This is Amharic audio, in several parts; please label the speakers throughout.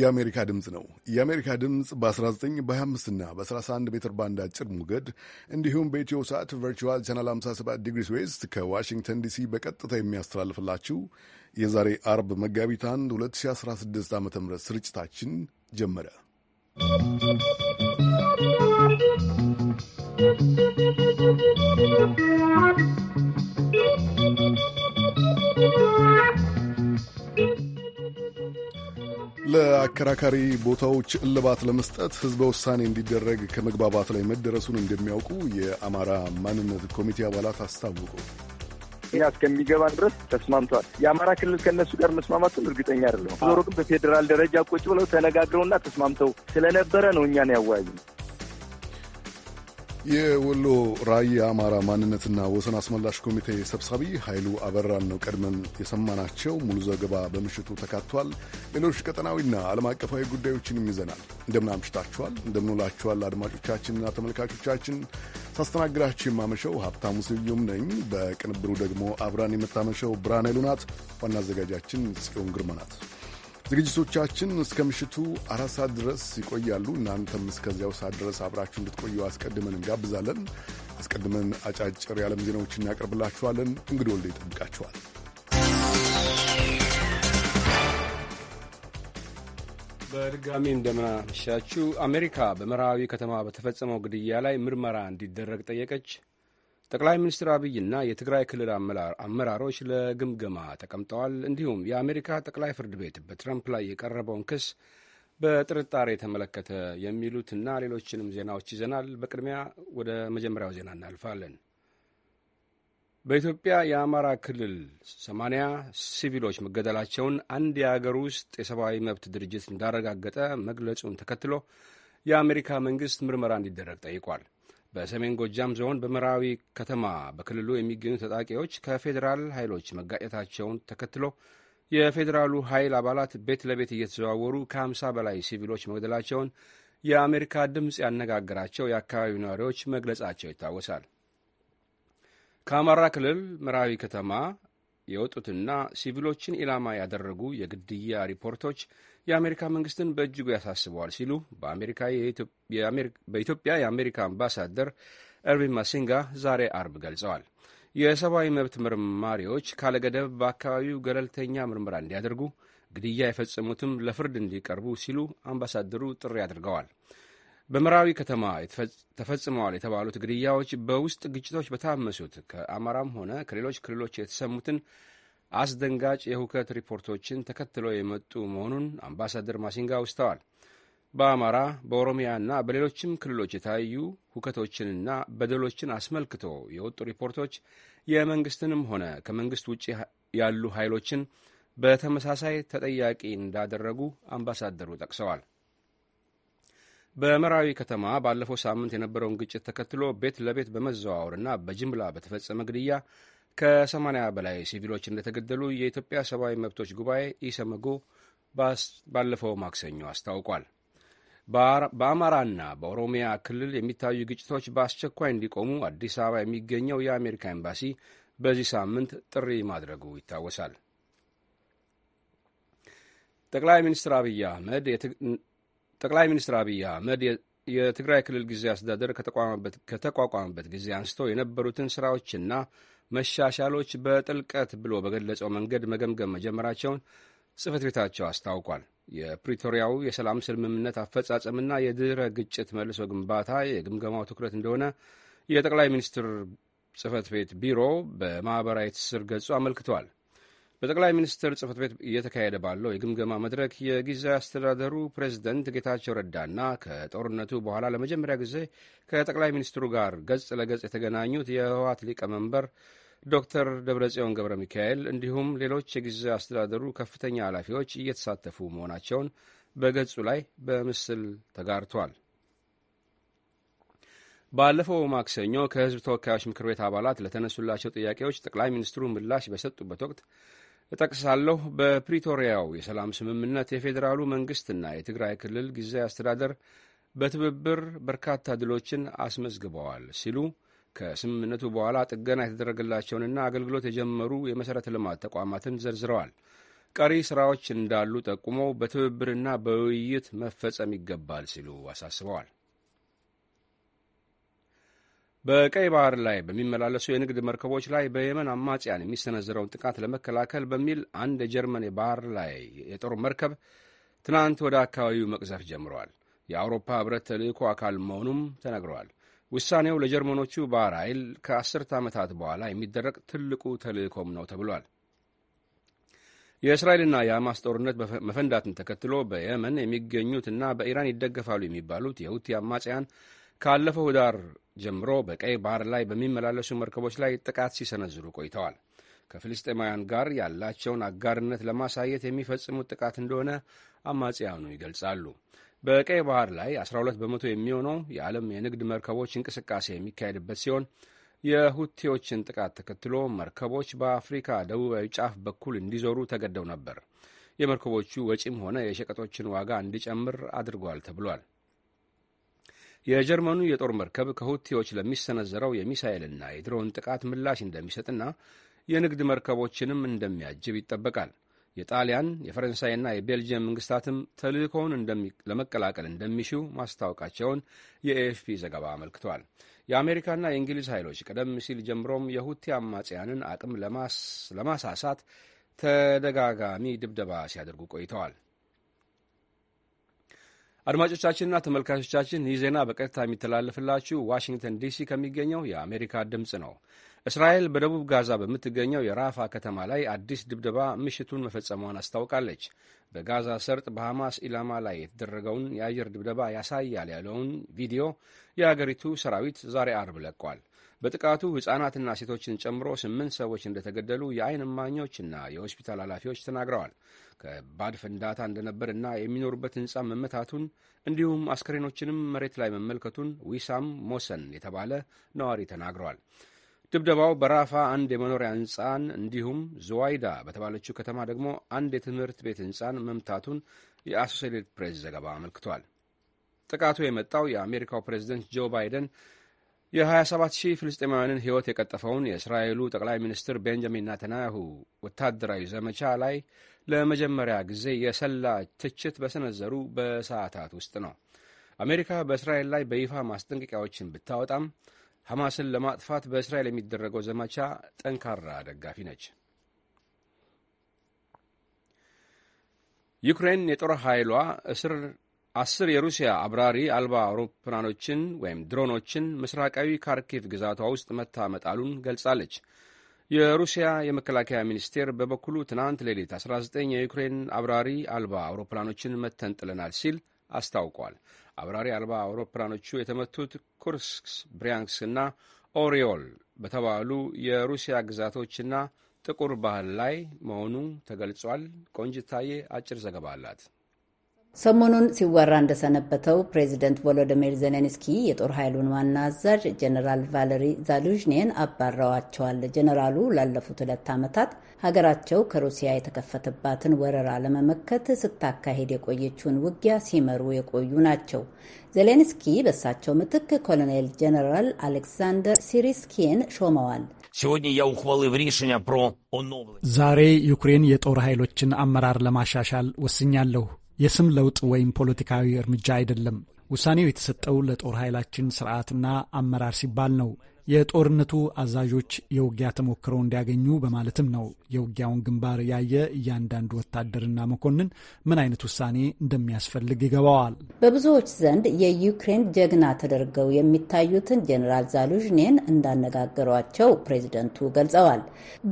Speaker 1: የአሜሪካ ድምፅ ነው። የአሜሪካ ድምፅ በ19 25 እና በ31 ሜትር ባንድ አጭር ሞገድ እንዲሁም በኢትዮ ሰዓት ቨርቹዋል ቻናል 57 ዲግሪስ ዌስት ከዋሽንግተን ዲሲ በቀጥታ የሚያስተላልፍላችሁ የዛሬ አርብ መጋቢት 1 2016 ዓ ም ስርጭታችን ጀመረ።
Speaker 2: ¶¶
Speaker 1: ለአከራካሪ ቦታዎች እልባት ለመስጠት ህዝበ ውሳኔ እንዲደረግ ከመግባባት ላይ መደረሱን እንደሚያውቁ የአማራ ማንነት ኮሚቴ አባላት አስታወቁ።
Speaker 3: እኛ እስከሚገባ ድረስ ተስማምተዋል። የአማራ ክልል ከእነሱ ጋር መስማማቱን እርግጠኛ አይደለም። ዞሮ ግን በፌዴራል ደረጃ ቁጭ ብለው ተነጋግረውና ተስማምተው ስለነበረ ነው እኛን ያወያዩ
Speaker 1: የወሎ ራያ አማራ ማንነትና ወሰን አስመላሽ ኮሚቴ ሰብሳቢ ኃይሉ አበራን ነው ቀድመን የሰማናቸው። ሙሉ ዘገባ በምሽቱ ተካቷል። ሌሎች ቀጠናዊና ዓለም አቀፋዊ ጉዳዮችንም ይዘናል። እንደምን አምሽታችኋል፣ እንደምንውላችኋል አድማጮቻችንና ተመልካቾቻችን። ሳስተናግዳችሁ የማመሸው ሀብታሙ ስዩም ነኝ። በቅንብሩ ደግሞ አብራን የምታመሸው ብርሃን ኃይሉ ናት። ዋና አዘጋጃችን ጽዮን ግርማ ናት። ዝግጅቶቻችን እስከ ምሽቱ አራት ሰዓት ድረስ ይቆያሉ። እናንተም እስከዚያው ሰዓት ድረስ አብራችሁ እንድትቆዩ አስቀድመን እንጋብዛለን። አስቀድመን አጫጭር የዓለም ዜናዎች እናቀርብላችኋለን። እንግዲህ ወልደ ይጠብቃችኋል።
Speaker 4: በድጋሚ እንደምናመሻችሁ። አሜሪካ በምዕራባዊ ከተማ በተፈጸመው ግድያ ላይ ምርመራ እንዲደረግ ጠየቀች። ጠቅላይ ሚኒስትር አብይና የትግራይ ክልል አመራሮች ለግምገማ ተቀምጠዋል። እንዲሁም የአሜሪካ ጠቅላይ ፍርድ ቤት በትረምፕ ላይ የቀረበውን ክስ በጥርጣሬ የተመለከተ የሚሉትና ሌሎችንም ዜናዎች ይዘናል። በቅድሚያ ወደ መጀመሪያው ዜና እናልፋለን። በኢትዮጵያ የአማራ ክልል ሰማንያ ሲቪሎች መገደላቸውን አንድ የአገር ውስጥ የሰብአዊ መብት ድርጅት እንዳረጋገጠ መግለጹን ተከትሎ የአሜሪካ መንግሥት ምርመራ እንዲደረግ ጠይቋል። በሰሜን ጎጃም ዞን በምዕራዊ ከተማ በክልሉ የሚገኙ ታጣቂዎች ከፌዴራል ኃይሎች መጋጨታቸውን ተከትሎ የፌዴራሉ ኃይል አባላት ቤት ለቤት እየተዘዋወሩ ከ50 በላይ ሲቪሎች መግደላቸውን የአሜሪካ ድምፅ ያነጋገራቸው የአካባቢው ነዋሪዎች መግለጻቸው ይታወሳል። ከአማራ ክልል ምዕራዊ ከተማ የወጡትና ሲቪሎችን ኢላማ ያደረጉ የግድያ ሪፖርቶች የአሜሪካ መንግስትን በእጅጉ ያሳስበዋል ሲሉ በኢትዮጵያ የአሜሪካ አምባሳደር ኤርቪን ማሲንጋ ዛሬ አርብ ገልጸዋል። የሰብአዊ መብት መርማሪዎች ካለገደብ በአካባቢው ገለልተኛ ምርመራ እንዲያደርጉ፣ ግድያ የፈጸሙትም ለፍርድ እንዲቀርቡ ሲሉ አምባሳደሩ ጥሪ አድርገዋል። በመራዊ ከተማ ተፈጽመዋል የተባሉት ግድያዎች በውስጥ ግጭቶች በታመሱት ከአማራም ሆነ ከሌሎች ክልሎች የተሰሙትን አስደንጋጭ የሁከት ሪፖርቶችን ተከትሎ የመጡ መሆኑን አምባሳደር ማሲንጋ አውስተዋል። በአማራ በኦሮሚያና በሌሎችም ክልሎች የታዩ ሁከቶችንና በደሎችን አስመልክቶ የወጡ ሪፖርቶች የመንግስትንም ሆነ ከመንግስት ውጭ ያሉ ኃይሎችን በተመሳሳይ ተጠያቂ እንዳደረጉ አምባሳደሩ ጠቅሰዋል። በመራዊ ከተማ ባለፈው ሳምንት የነበረውን ግጭት ተከትሎ ቤት ለቤት በመዘዋወርና በጅምላ በተፈጸመ ግድያ ከ80 በላይ ሲቪሎች እንደተገደሉ የኢትዮጵያ ሰብአዊ መብቶች ጉባኤ ኢሰመጉ ባለፈው ማክሰኞ አስታውቋል። በአማራና በኦሮሚያ ክልል የሚታዩ ግጭቶች በአስቸኳይ እንዲቆሙ አዲስ አበባ የሚገኘው የአሜሪካ ኤምባሲ በዚህ ሳምንት ጥሪ ማድረጉ ይታወሳል። ጠቅላይ ሚኒስትር አብይ አህመድ ጠቅላይ ሚኒስትር አብይ አህመድ የትግራይ ክልል ጊዜ አስተዳደር ከተቋቋመበት ጊዜ አንስቶ የነበሩትን ስራዎችና መሻሻሎች በጥልቀት ብሎ በገለጸው መንገድ መገምገም መጀመራቸውን ጽህፈት ቤታቸው አስታውቋል። የፕሪቶሪያው የሰላም ስምምነት አፈጻጸምና የድህረ ግጭት መልሶ ግንባታ የግምገማው ትኩረት እንደሆነ የጠቅላይ ሚኒስትር ጽህፈት ቤት ቢሮ በማኅበራዊ ትስስር ገጹ አመልክቷል። በጠቅላይ ሚኒስትር ጽህፈት ቤት እየተካሄደ ባለው የግምገማ መድረክ የጊዜያዊ አስተዳደሩ ፕሬዝደንት ጌታቸው ረዳና ከጦርነቱ በኋላ ለመጀመሪያ ጊዜ ከጠቅላይ ሚኒስትሩ ጋር ገጽ ለገጽ የተገናኙት የህወሓት ሊቀመንበር ዶክተር ደብረጽዮን ገብረ ሚካኤል እንዲሁም ሌሎች የጊዜያዊ አስተዳደሩ ከፍተኛ ኃላፊዎች እየተሳተፉ መሆናቸውን በገጹ ላይ በምስል ተጋርቷል። ባለፈው ማክሰኞ ከህዝብ ተወካዮች ምክር ቤት አባላት ለተነሱላቸው ጥያቄዎች ጠቅላይ ሚኒስትሩ ምላሽ በሰጡበት ወቅት እጠቅሳለሁ። በፕሪቶሪያው የሰላም ስምምነት የፌዴራሉ መንግስትና የትግራይ ክልል ጊዜያዊ አስተዳደር በትብብር በርካታ ድሎችን አስመዝግበዋል ሲሉ ከስምምነቱ በኋላ ጥገና የተደረገላቸውንና አገልግሎት የጀመሩ የመሠረተ ልማት ተቋማትን ዘርዝረዋል። ቀሪ ሥራዎች እንዳሉ ጠቁመው በትብብርና በውይይት መፈጸም ይገባል ሲሉ አሳስበዋል። በቀይ ባህር ላይ በሚመላለሱ የንግድ መርከቦች ላይ በየመን አማጽያን የሚሰነዘረውን ጥቃት ለመከላከል በሚል አንድ የጀርመን የባህር ላይ የጦር መርከብ ትናንት ወደ አካባቢው መቅዘፍ ጀምረዋል። የአውሮፓ ህብረት ተልእኮ አካል መሆኑም ተነግረዋል። ውሳኔው ለጀርመኖቹ ባህር ኃይል ከአስርት ዓመታት በኋላ የሚደረግ ትልቁ ተልእኮም ነው ተብሏል። የእስራኤልና የሐማስ ጦርነት መፈንዳትን ተከትሎ በየመን የሚገኙትና በኢራን ይደገፋሉ የሚባሉት የሁቲ አማጽያን ካለፈው ህዳር ጀምሮ በቀይ ባህር ላይ በሚመላለሱ መርከቦች ላይ ጥቃት ሲሰነዝሩ ቆይተዋል። ከፍልስጤማውያን ጋር ያላቸውን አጋርነት ለማሳየት የሚፈጽሙት ጥቃት እንደሆነ አማጽያኑ ይገልጻሉ። በቀይ ባህር ላይ 12 በመቶ የሚሆነው የዓለም የንግድ መርከቦች እንቅስቃሴ የሚካሄድበት ሲሆን የሁቴዎችን ጥቃት ተከትሎ መርከቦች በአፍሪካ ደቡባዊ ጫፍ በኩል እንዲዞሩ ተገደው ነበር። የመርከቦቹ ወጪም ሆነ የሸቀጦችን ዋጋ እንዲጨምር አድርጓል ተብሏል። የጀርመኑ የጦር መርከብ ከሁቲዎች ለሚሰነዘረው የሚሳኤልና የድሮን ጥቃት ምላሽ እንደሚሰጥና የንግድ መርከቦችንም እንደሚያጅብ ይጠበቃል። የጣሊያን የፈረንሳይና የቤልጅየም መንግስታትም ተልእኮውን ለመቀላቀል እንደሚሹ ማስታወቃቸውን የኤኤፍፒ ዘገባ አመልክቷል። የአሜሪካና የእንግሊዝ ኃይሎች ቀደም ሲል ጀምሮም የሁቲ አማጽያንን አቅም ለማሳሳት ተደጋጋሚ ድብደባ ሲያደርጉ ቆይተዋል። አድማጮቻችንና ተመልካቾቻችን ይህ ዜና በቀጥታ የሚተላለፍላችሁ ዋሽንግተን ዲሲ ከሚገኘው የአሜሪካ ድምፅ ነው። እስራኤል በደቡብ ጋዛ በምትገኘው የራፋ ከተማ ላይ አዲስ ድብደባ ምሽቱን መፈጸሟን አስታውቃለች። በጋዛ ሰርጥ በሐማስ ኢላማ ላይ የተደረገውን የአየር ድብደባ ያሳያል ያለውን ቪዲዮ የአገሪቱ ሰራዊት ዛሬ አርብ ለቋል። በጥቃቱ ሕፃናትና ሴቶችን ጨምሮ ስምንት ሰዎች እንደተገደሉ የአይን እማኞችና የሆስፒታል ኃላፊዎች ተናግረዋል። ከባድ ፍንዳታ እንደነበርና የሚኖሩበት ሕንፃ መመታቱን እንዲሁም አስከሬኖችንም መሬት ላይ መመልከቱን ዊሳም ሞሰን የተባለ ነዋሪ ተናግረዋል። ድብደባው በራፋ አንድ የመኖሪያ ህንፃን እንዲሁም ዙዋይዳ በተባለችው ከተማ ደግሞ አንድ የትምህርት ቤት ህንፃን መምታቱን የአሶሴትድ ፕሬስ ዘገባ አመልክቷል። ጥቃቱ የመጣው የአሜሪካው ፕሬዝደንት ጆ ባይደን የ27 ሺህ ፍልስጤማውያንን ሕይወት የቀጠፈውን የእስራኤሉ ጠቅላይ ሚኒስትር ቤንጃሚን ናተናያሁ ወታደራዊ ዘመቻ ላይ ለመጀመሪያ ጊዜ የሰላ ትችት በሰነዘሩ በሰዓታት ውስጥ ነው። አሜሪካ በእስራኤል ላይ በይፋ ማስጠንቀቂያዎችን ብታወጣም ሐማስን ለማጥፋት በእስራኤል የሚደረገው ዘመቻ ጠንካራ ደጋፊ ነች። ዩክሬን የጦር ኃይሏ እስር አስር የሩሲያ አብራሪ አልባ አውሮፕላኖችን ወይም ድሮኖችን ምስራቃዊ ካርኪቭ ግዛቷ ውስጥ መታ መጣሉን ገልጻለች። የሩሲያ የመከላከያ ሚኒስቴር በበኩሉ ትናንት ሌሊት 19 የዩክሬን አብራሪ አልባ አውሮፕላኖችን መተን ጥለናል ሲል አስታውቋል። አብራሪ አልባ አውሮፕላኖቹ የተመቱት ኩርስክስ፣ ብሪያንክስ እና ኦሪዮል በተባሉ የሩሲያ ግዛቶችና ጥቁር ባህር ላይ መሆኑ ተገልጿል። ቆንጅታዬ አጭር ዘገባ አላት።
Speaker 5: ሰሞኑን ሲወራ እንደሰነበተው ፕሬዚደንት ቮሎዲሚር ዜሌንስኪ የጦር ኃይሉን ዋና አዛዥ ጀነራል ቫለሪ ዛሉዥኔን አባረዋቸዋል። ጀነራሉ ላለፉት ሁለት ዓመታት ሀገራቸው ከሩሲያ የተከፈተባትን ወረራ ለመመከት ስታካሄድ የቆየችውን ውጊያ ሲመሩ የቆዩ ናቸው። ዜሌንስኪ በእሳቸው ምትክ ኮሎኔል ጀነራል አሌክሳንደር ሲሪስኪን ሾመዋል።
Speaker 6: ዛሬ ዩክሬን የጦር ኃይሎችን አመራር ለማሻሻል ወስኛለሁ። የስም ለውጥ ወይም ፖለቲካዊ እርምጃ አይደለም። ውሳኔው የተሰጠው ለጦር ኃይላችን ስርዓትና አመራር ሲባል ነው። የጦርነቱ አዛዦች የውጊያ ተሞክሮ እንዲያገኙ በማለትም ነው የውጊያውን ግንባር ያየ እያንዳንዱ ወታደርና መኮንን ምን አይነት ውሳኔ እንደሚያስፈልግ ይገባዋል።
Speaker 5: በብዙዎች ዘንድ የዩክሬን ጀግና ተደርገው የሚታዩትን ጀኔራል ዛሉዥኔን እንዳነጋገሯቸው ፕሬዚደንቱ ገልጸዋል።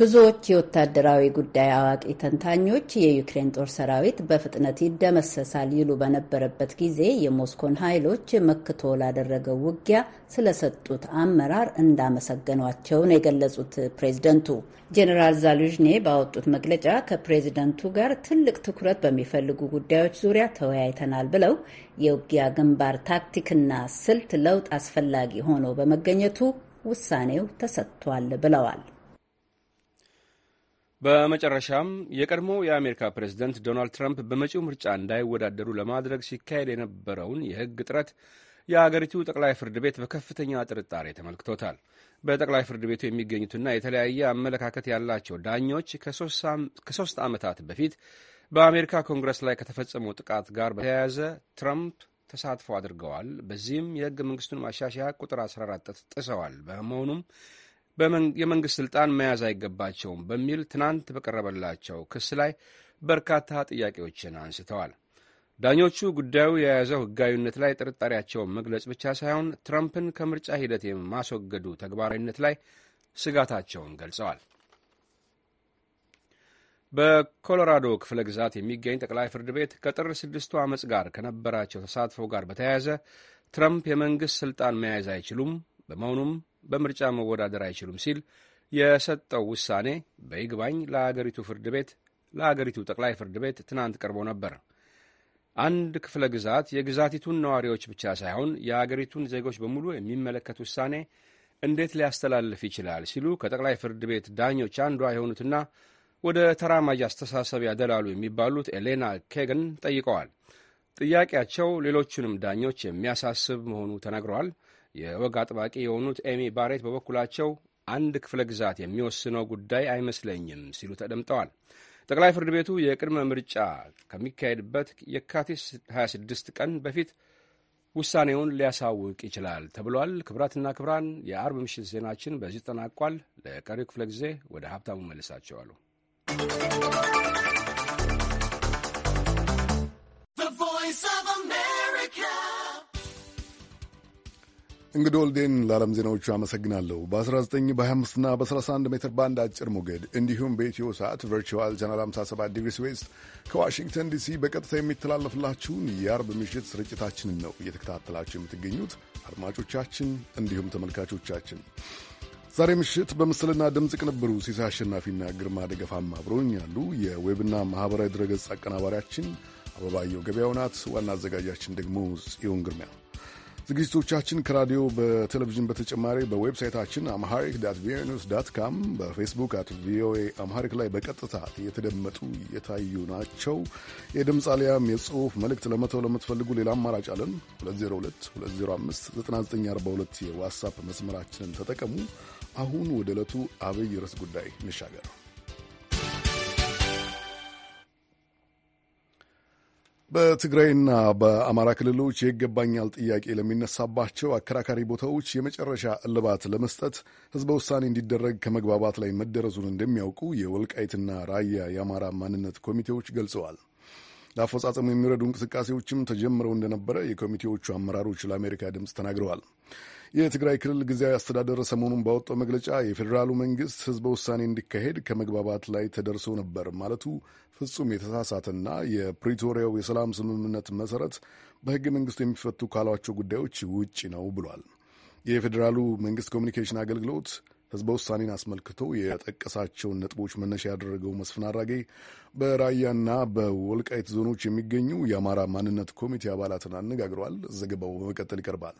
Speaker 5: ብዙዎች የወታደራዊ ጉዳይ አዋቂ ተንታኞች የዩክሬን ጦር ሰራዊት በፍጥነት ይደመሰሳል ይሉ በነበረበት ጊዜ የሞስኮን ኃይሎች መክቶ ላደረገው ውጊያ ስለሰጡት አመራር እንዳመሰገኗቸውን የገለጹት ፕሬዝደንቱ ጄኔራል ዛሉዥኔ ባወጡት መግለጫ ከፕሬዝደንቱ ጋር ትልቅ ትኩረት በሚፈልጉ ጉዳዮች ዙሪያ ተወያይተናል ብለው የውጊያ ግንባር ታክቲክና ስልት ለውጥ አስፈላጊ ሆኖ በመገኘቱ ውሳኔው ተሰጥቷል ብለዋል።
Speaker 4: በመጨረሻም የቀድሞ የአሜሪካ ፕሬዝደንት ዶናልድ ትራምፕ በመጪው ምርጫ እንዳይወዳደሩ ለማድረግ ሲካሄድ የነበረውን የሕግ ጥረት የአገሪቱ ጠቅላይ ፍርድ ቤት በከፍተኛ ጥርጣሬ ተመልክቶታል። በጠቅላይ ፍርድ ቤቱ የሚገኙትና የተለያየ አመለካከት ያላቸው ዳኞች ከሶስት ዓመታት በፊት በአሜሪካ ኮንግረስ ላይ ከተፈጸመው ጥቃት ጋር በተያያዘ ትራምፕ ተሳትፎ አድርገዋል፣ በዚህም የሕገ መንግስቱን ማሻሻያ ቁጥር 14 ጥሰዋል፣ በመሆኑም የመንግሥት ሥልጣን መያዝ አይገባቸውም በሚል ትናንት በቀረበላቸው ክስ ላይ በርካታ ጥያቄዎችን አንስተዋል። ዳኞቹ ጉዳዩ የያዘው ሕጋዊነት ላይ ጥርጣሬያቸውን መግለጽ ብቻ ሳይሆን ትራምፕን ከምርጫ ሂደት የማስወገዱ ተግባራዊነት ላይ ስጋታቸውን ገልጸዋል። በኮሎራዶ ክፍለ ግዛት የሚገኝ ጠቅላይ ፍርድ ቤት ከጥር ስድስቱ ዓመፅ ጋር ከነበራቸው ተሳትፎ ጋር በተያያዘ ትራምፕ የመንግሥት ሥልጣን መያዝ አይችሉም፣ በመሆኑም በምርጫ መወዳደር አይችሉም ሲል የሰጠው ውሳኔ በይግባኝ ለአገሪቱ ፍርድ ቤት ለአገሪቱ ጠቅላይ ፍርድ ቤት ትናንት ቀርቦ ነበር። አንድ ክፍለ ግዛት የግዛቲቱን ነዋሪዎች ብቻ ሳይሆን የአገሪቱን ዜጎች በሙሉ የሚመለከት ውሳኔ እንዴት ሊያስተላልፍ ይችላል ሲሉ ከጠቅላይ ፍርድ ቤት ዳኞች አንዷ የሆኑትና ወደ ተራማጅ አስተሳሰብ ያደላሉ የሚባሉት ኤሌና ኬግን ጠይቀዋል። ጥያቄያቸው ሌሎቹንም ዳኞች የሚያሳስብ መሆኑ ተነግረዋል። የወግ አጥባቂ የሆኑት ኤሚ ባሬት በበኩላቸው አንድ ክፍለ ግዛት የሚወስነው ጉዳይ አይመስለኝም ሲሉ ተደምጠዋል። ጠቅላይ ፍርድ ቤቱ የቅድመ ምርጫ ከሚካሄድበት የካቲት 26 ቀን በፊት ውሳኔውን ሊያሳውቅ ይችላል ተብሏል። ክብራትና ክብራን የአርብ ምሽት ዜናችን በዚህ ተጠናቋል። ለቀሪው ክፍለ ጊዜ ወደ ሀብታሙ መልሳቸዋሉ።
Speaker 1: እንግዲህ ወልዴን ለዓለም ዜናዎቹ አመሰግናለሁ። በ19 በ25ና በ31 ሜትር ባንድ አጭር ሞገድ እንዲሁም በኢትዮ ሰዓት ቨርቹዋል ቻናል 57 ዲግሪስ ዌስት ከዋሽንግተን ዲሲ በቀጥታ የሚተላለፍላችሁን የአርብ ምሽት ስርጭታችንን ነው እየተከታተላችሁ የምትገኙት አድማጮቻችን፣ እንዲሁም ተመልካቾቻችን። ዛሬ ምሽት በምስልና ድምፅ ቅንብሩ ሲሳይ አሸናፊና ግርማ ደገፋም አብረውኝ ያሉ የዌብና ማኅበራዊ ድረገጽ አቀናባሪያችን አበባየው ገበያው ናት። ዋና አዘጋጃችን ደግሞ ጽዮን ግርሚያ ዝግጅቶቻችን ከራዲዮ በቴሌቪዥን በተጨማሪ በዌብሳይታችን አምሃሪክ ዳት ቪኦኤ ኒውስ ዳት ካም በፌስቡክ አት ቪኦኤ አምሃሪክ ላይ በቀጥታ እየተደመጡ እየታዩ ናቸው። የድምፅ አሊያም የጽሁፍ መልእክት ለመተው ለምትፈልጉ ሌላ አማራጭ አለን። 2022059942 የዋትሳፕ መስመራችንን ተጠቀሙ። አሁን ወደ ዕለቱ አብይ ርዕስ ጉዳይ እንሻገር። በትግራይና በአማራ ክልሎች የይገባኛል ጥያቄ ለሚነሳባቸው አከራካሪ ቦታዎች የመጨረሻ እልባት ለመስጠት ህዝበ ውሳኔ እንዲደረግ ከመግባባት ላይ መደረሱን እንደሚያውቁ የወልቃይትና ራያ የአማራ ማንነት ኮሚቴዎች ገልጸዋል። ለአፈጻጸሙ የሚረዱ እንቅስቃሴዎችም ተጀምረው እንደነበረ የኮሚቴዎቹ አመራሮች ለአሜሪካ ድምፅ ተናግረዋል። የትግራይ ክልል ጊዜያዊ አስተዳደር ሰሞኑን ባወጣው መግለጫ የፌዴራሉ መንግስት ህዝበ ውሳኔ እንዲካሄድ ከመግባባት ላይ ተደርሶ ነበር ማለቱ ፍጹም የተሳሳተና የፕሪቶሪያው የሰላም ስምምነት መሰረት በህገ መንግስቱ የሚፈቱ ካሏቸው ጉዳዮች ውጭ ነው ብሏል። የፌዴራሉ መንግስት ኮሚኒኬሽን አገልግሎት ህዝበ ውሳኔን አስመልክቶ የጠቀሳቸውን ነጥቦች መነሻ ያደረገው መስፍን አራጌ በራያና በወልቃይት ዞኖች የሚገኙ የአማራ ማንነት ኮሚቴ አባላትን አነጋግሯል ዘገባው በመቀጠል ይቀርባል።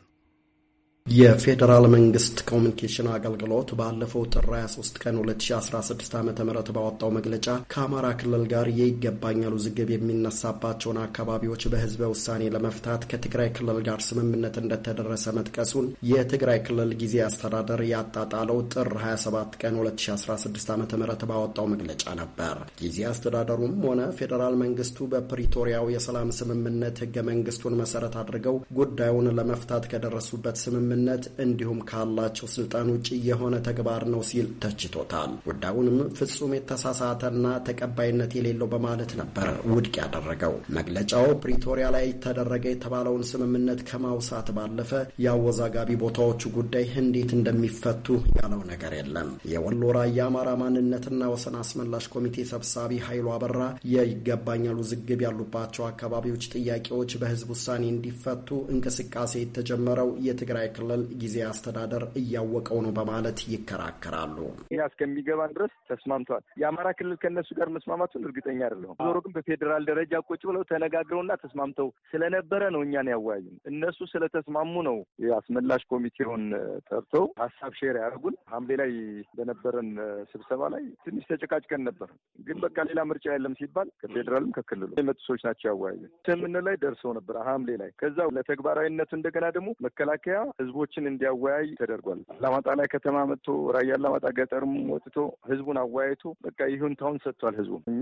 Speaker 7: የፌዴራል መንግስት
Speaker 1: ኮሚኒኬሽን አገልግሎት ባለፈው ጥር 23 ቀን 2016 ዓ
Speaker 8: ም ባወጣው መግለጫ ከአማራ ክልል ጋር የይገባኛል ውዝግብ የሚነሳባቸውን አካባቢዎች በህዝበ ውሳኔ ለመፍታት ከትግራይ ክልል ጋር ስምምነት እንደተደረሰ መጥቀሱን የትግራይ ክልል ጊዜ አስተዳደር ያጣጣለው ጥር 27 ቀን 2016 ዓ ም ባወጣው መግለጫ ነበር። ጊዜ አስተዳደሩም ሆነ ፌዴራል መንግስቱ በፕሪቶሪያው የሰላም ስምምነት ህገ መንግስቱን መሰረት አድርገው ጉዳዩን ለመፍታት ከደረሱበት ስምምነት ስምምነት እንዲሁም ካላቸው ስልጣን ውጭ የሆነ ተግባር ነው ሲል ተችቶታል። ጉዳዩንም ፍጹም የተሳሳተና ተቀባይነት የሌለው በማለት ነበር ውድቅ ያደረገው። መግለጫው ፕሪቶሪያ ላይ ተደረገ የተባለውን ስምምነት ከማውሳት ባለፈ የአወዛጋቢ ቦታዎቹ ጉዳይ እንዴት እንደሚፈቱ ያለው ነገር የለም። የወሎ ራያ አማራ ማንነትና ወሰን አስመላሽ ኮሚቴ ሰብሳቢ ኃይሉ አበራ የይገባኛል ውዝግብ ያሉባቸው አካባቢዎች ጥያቄዎች በህዝብ ውሳኔ እንዲፈቱ እንቅስቃሴ የተጀመረው የትግራይ ክልል ክልል ጊዜ አስተዳደር እያወቀው ነው በማለት ይከራከራሉ።
Speaker 3: እኛ እስከሚገባን ድረስ ተስማምተዋል። የአማራ ክልል ከእነሱ ጋር መስማማቱን እርግጠኛ አይደለሁም። ዞሮ ግን በፌዴራል ደረጃ ቁጭ ብለው ተነጋግረውና ተስማምተው ስለነበረ ነው እኛን ያወያዩን። እነሱ ስለተስማሙ ነው የአስመላሽ ኮሚቴውን ጠርተው ሀሳብ ሼር ያደረጉን። ሐምሌ ላይ በነበረን ስብሰባ ላይ ትንሽ ተጨቃጭቀን ነበር። ግን በቃ ሌላ ምርጫ የለም ሲባል ከፌዴራልም ከክልሉ የመጡ ሰዎች ናቸው ያወያዩን። ስምምነት ላይ ደርሰው ነበር ሐምሌ ላይ። ከዛ ለተግባራዊነቱ እንደገና ደግሞ መከላከያ ህዝቡ ህዝቦችን እንዲያወያይ ተደርጓል። አላማጣ ላይ ከተማ መጥቶ ራያ አላማጣ ገጠርም ወጥቶ ህዝቡን አወያይቶ በቃ ይሁንታውን ሰጥቷል። ህዝቡ እኛ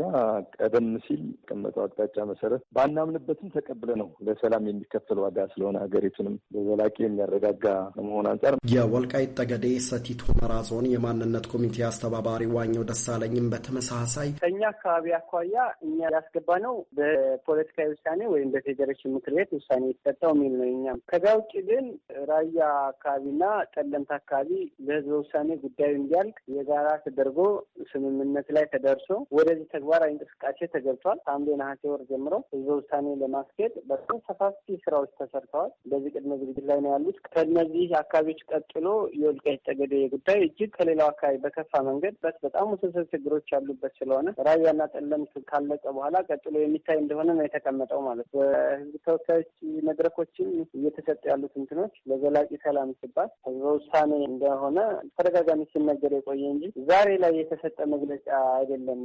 Speaker 3: ቀደም ሲል ቀመጠው አቅጣጫ መሰረት ባናምንበትም ተቀብለ ነው ለሰላም የሚከፈል ዋጋ ስለሆነ ሀገሪቱንም በዘላቂ የሚያረጋጋ መሆን
Speaker 8: አንጻር የወልቃይት ጠገዴ ሰቲት ሁመራ ዞን የማንነት ኮሚቴ አስተባባሪ ዋኘው ደሳለኝም በተመሳሳይ
Speaker 9: ከኛ አካባቢ አኳያ እኛ ያስገባ ነው በፖለቲካዊ ውሳኔ ወይም በፌዴሬሽን ምክር ቤት ውሳኔ የተሰጠው የሚል ነው። እኛም ከዛ ውጭ ግን ራያ አካባቢና ጠለምት አካባቢ ለህዝበ ውሳኔ ጉዳዩ እንዲያልቅ የጋራ ተደርጎ ስምምነት ላይ ተደርሶ ወደዚህ ተግባራዊ እንቅስቃሴ ተገብቷል። ሐምሌ ነሐሴ ወር ጀምሮ ህዝበ ውሳኔ ለማስኬድ በጣም ሰፋፊ ስራዎች ተሰርተዋል። በዚህ ቅድመ ዝግጅት ላይ ነው ያሉት። ከነዚህ አካባቢዎች ቀጥሎ የወልቃይት ጠገዴ ጉዳይ እጅግ ከሌላው አካባቢ በከፋ መንገድ በጣም ውስብስብ ችግሮች ያሉበት ስለሆነ ራያና ጠለምት ካለቀ በኋላ ቀጥሎ የሚታይ እንደሆነ ነው የተቀመጠው ማለት በህዝብ ተወካዮች መድረኮችም እየተሰጡ ያሉት እንትኖች ለዘላቂ ዘላቂ ሰላም ሲባል ህዝበ ውሳኔ እንደሆነ ተደጋጋሚ ሲነገር የቆየ እንጂ ዛሬ ላይ የተሰጠ መግለጫ አይደለም።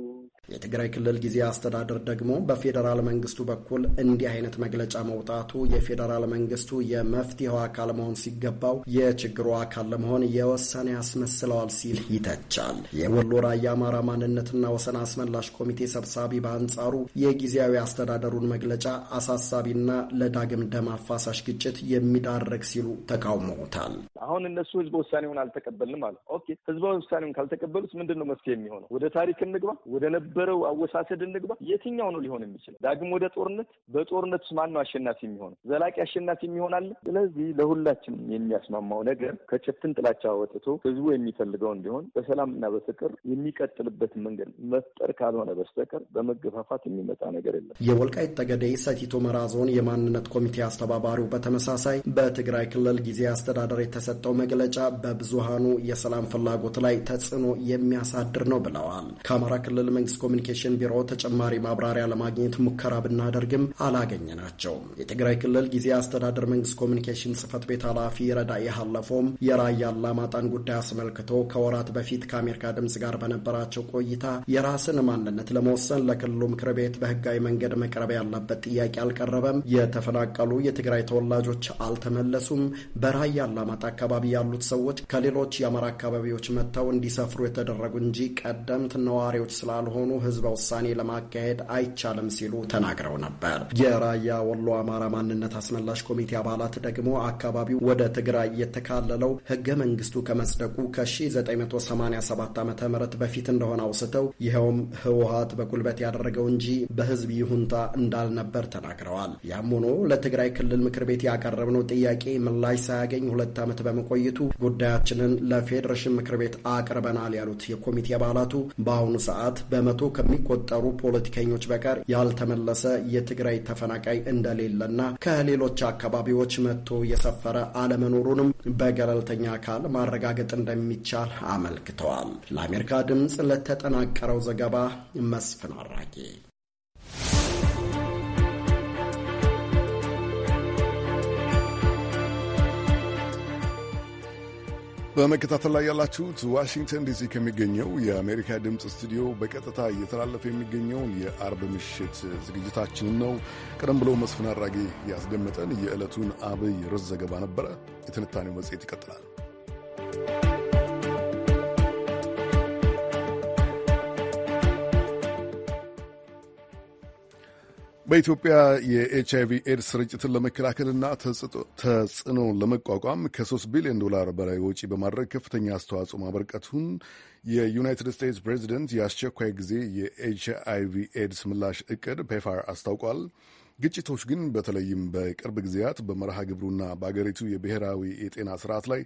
Speaker 8: የትግራይ ክልል ጊዜ አስተዳደር ደግሞ በፌዴራል መንግስቱ በኩል እንዲህ አይነት መግለጫ መውጣቱ የፌዴራል መንግስቱ የመፍትሄው አካል መሆን ሲገባው የችግሩ አካል ለመሆን የወሰነ ያስመስለዋል ሲል ይተቻል። የወሎ ራያ አማራ ማንነትና ወሰን አስመላሽ ኮሚቴ ሰብሳቢ በአንጻሩ የጊዜያዊ አስተዳደሩን መግለጫ አሳሳቢና ለዳግም ደም አፋሳሽ ግጭት የሚዳረግ ሲሉ ተቃው ተቃውመውታል።
Speaker 3: አሁን እነሱ ህዝበ ውሳኔውን አልተቀበልንም አለ። ኦኬ ህዝበ ውሳኔውን ካልተቀበሉት ምንድን ነው መፍትሄ የሚሆነው? ወደ ታሪክ እንግባ፣ ወደ ነበረው አወሳሰድ እንግባ። የትኛው ነው ሊሆን የሚችለው? ዳግም ወደ ጦርነት? በጦርነት ውስጥ ማን ነው አሸናፊ የሚሆነው? ዘላቂ አሸናፊ የሚሆናል? ስለዚህ ለሁላችን የሚያስማማው ነገር ከጭፍን ጥላቻ ወጥቶ ህዝቡ የሚፈልገው እንዲሆን በሰላምና በፍቅር የሚቀጥልበትን መንገድ መፍጠር ካልሆነ በስተቀር በመገፋፋት የሚመጣ ነገር የለም።
Speaker 8: የወልቃይት ጠገዴ ሰቲት ሁመራ ዞን የማንነት ኮሚቴ አስተባባሪው በተመሳሳይ በትግራይ ክልል ጊዜ ጊዜ አስተዳደር የተሰጠው መግለጫ በብዙሃኑ የሰላም ፍላጎት ላይ ተጽዕኖ የሚያሳድር ነው ብለዋል። ከአማራ ክልል መንግስት ኮሚኒኬሽን ቢሮ ተጨማሪ ማብራሪያ ለማግኘት ሙከራ ብናደርግም አላገኘ ናቸው። የትግራይ ክልል ጊዜ አስተዳደር መንግስት ኮሚኒኬሽን ጽህፈት ቤት ኃላፊ ረዳ ሃለፎም የራያ አላማጣን ጉዳይ አስመልክቶ ከወራት በፊት ከአሜሪካ ድምጽ ጋር በነበራቸው ቆይታ የራስን ማንነት ለመወሰን ለክልሉ ምክር ቤት በህጋዊ መንገድ መቅረብ ያለበት ጥያቄ አልቀረበም፣ የተፈናቀሉ የትግራይ ተወላጆች አልተመለሱም፣ በራያ አላማጣ አካባቢ ያሉት ሰዎች ከሌሎች የአማራ አካባቢዎች መጥተው እንዲሰፍሩ የተደረጉ እንጂ ቀደምት ነዋሪዎች ስላልሆኑ ህዝበ ውሳኔ ለማካሄድ አይቻልም ሲሉ ተናግረው ነበር። የራያ ወሎ አማራ ማንነት አስመላሽ ኮሚቴ አባላት ደግሞ አካባቢው ወደ ትግራይ የተካለለው ህገ መንግስቱ ከመጽደቁ ከ1987 ዓ ም በፊት እንደሆነ አውስተው ይኸውም ህወሀት በጉልበት ያደረገው እንጂ በህዝብ ይሁንታ እንዳልነበር ተናግረዋል። ያም ሆኖ ለትግራይ ክልል ምክር ቤት ያቀረብነው ጥያቄ ምላሽ ሳያገኝ ሁለት ዓመት በመቆየቱ ጉዳያችንን ለፌዴሬሽን ምክር ቤት አቅርበናል ያሉት የኮሚቴ አባላቱ በአሁኑ ሰዓት በመቶ ከሚቆጠሩ ፖለቲከኞች በቀር ያልተመለሰ የትግራይ ተፈናቃይ እንደሌለና ከሌሎች አካባቢዎች መጥቶ የሰፈረ አለመኖሩንም በገለልተኛ አካል ማረጋገጥ እንደሚቻል አመልክተዋል። ለአሜሪካ ድምፅ ለተጠናቀረው ዘገባ መስፍን አራጌ
Speaker 1: በመከታተል ላይ ያላችሁት ዋሽንግተን ዲሲ ከሚገኘው የአሜሪካ ድምፅ ስቱዲዮ በቀጥታ እየተላለፈ የሚገኘውን የአርብ ምሽት ዝግጅታችንን ነው። ቀደም ብሎ መስፍን አድራጌ ያስደመጠን የዕለቱን አብይ ርዕስ ዘገባ ነበረ። የትንታኔው መጽሔት ይቀጥላል። በኢትዮጵያ የኤች አይቪ ኤድስ ስርጭትን ለመከላከልና ተጽዕኖውን ለመቋቋም ከ3 ቢሊዮን ዶላር በላይ ወጪ በማድረግ ከፍተኛ አስተዋጽኦ ማበርቀቱን የዩናይትድ ስቴትስ ፕሬዚደንት የአስቸኳይ ጊዜ የኤች አይቪ ኤድስ ምላሽ እቅድ ፔፋር አስታውቋል። ግጭቶች ግን በተለይም በቅርብ ጊዜያት በመርሃ ግብሩና በአገሪቱ የብሔራዊ የጤና ስርዓት ላይ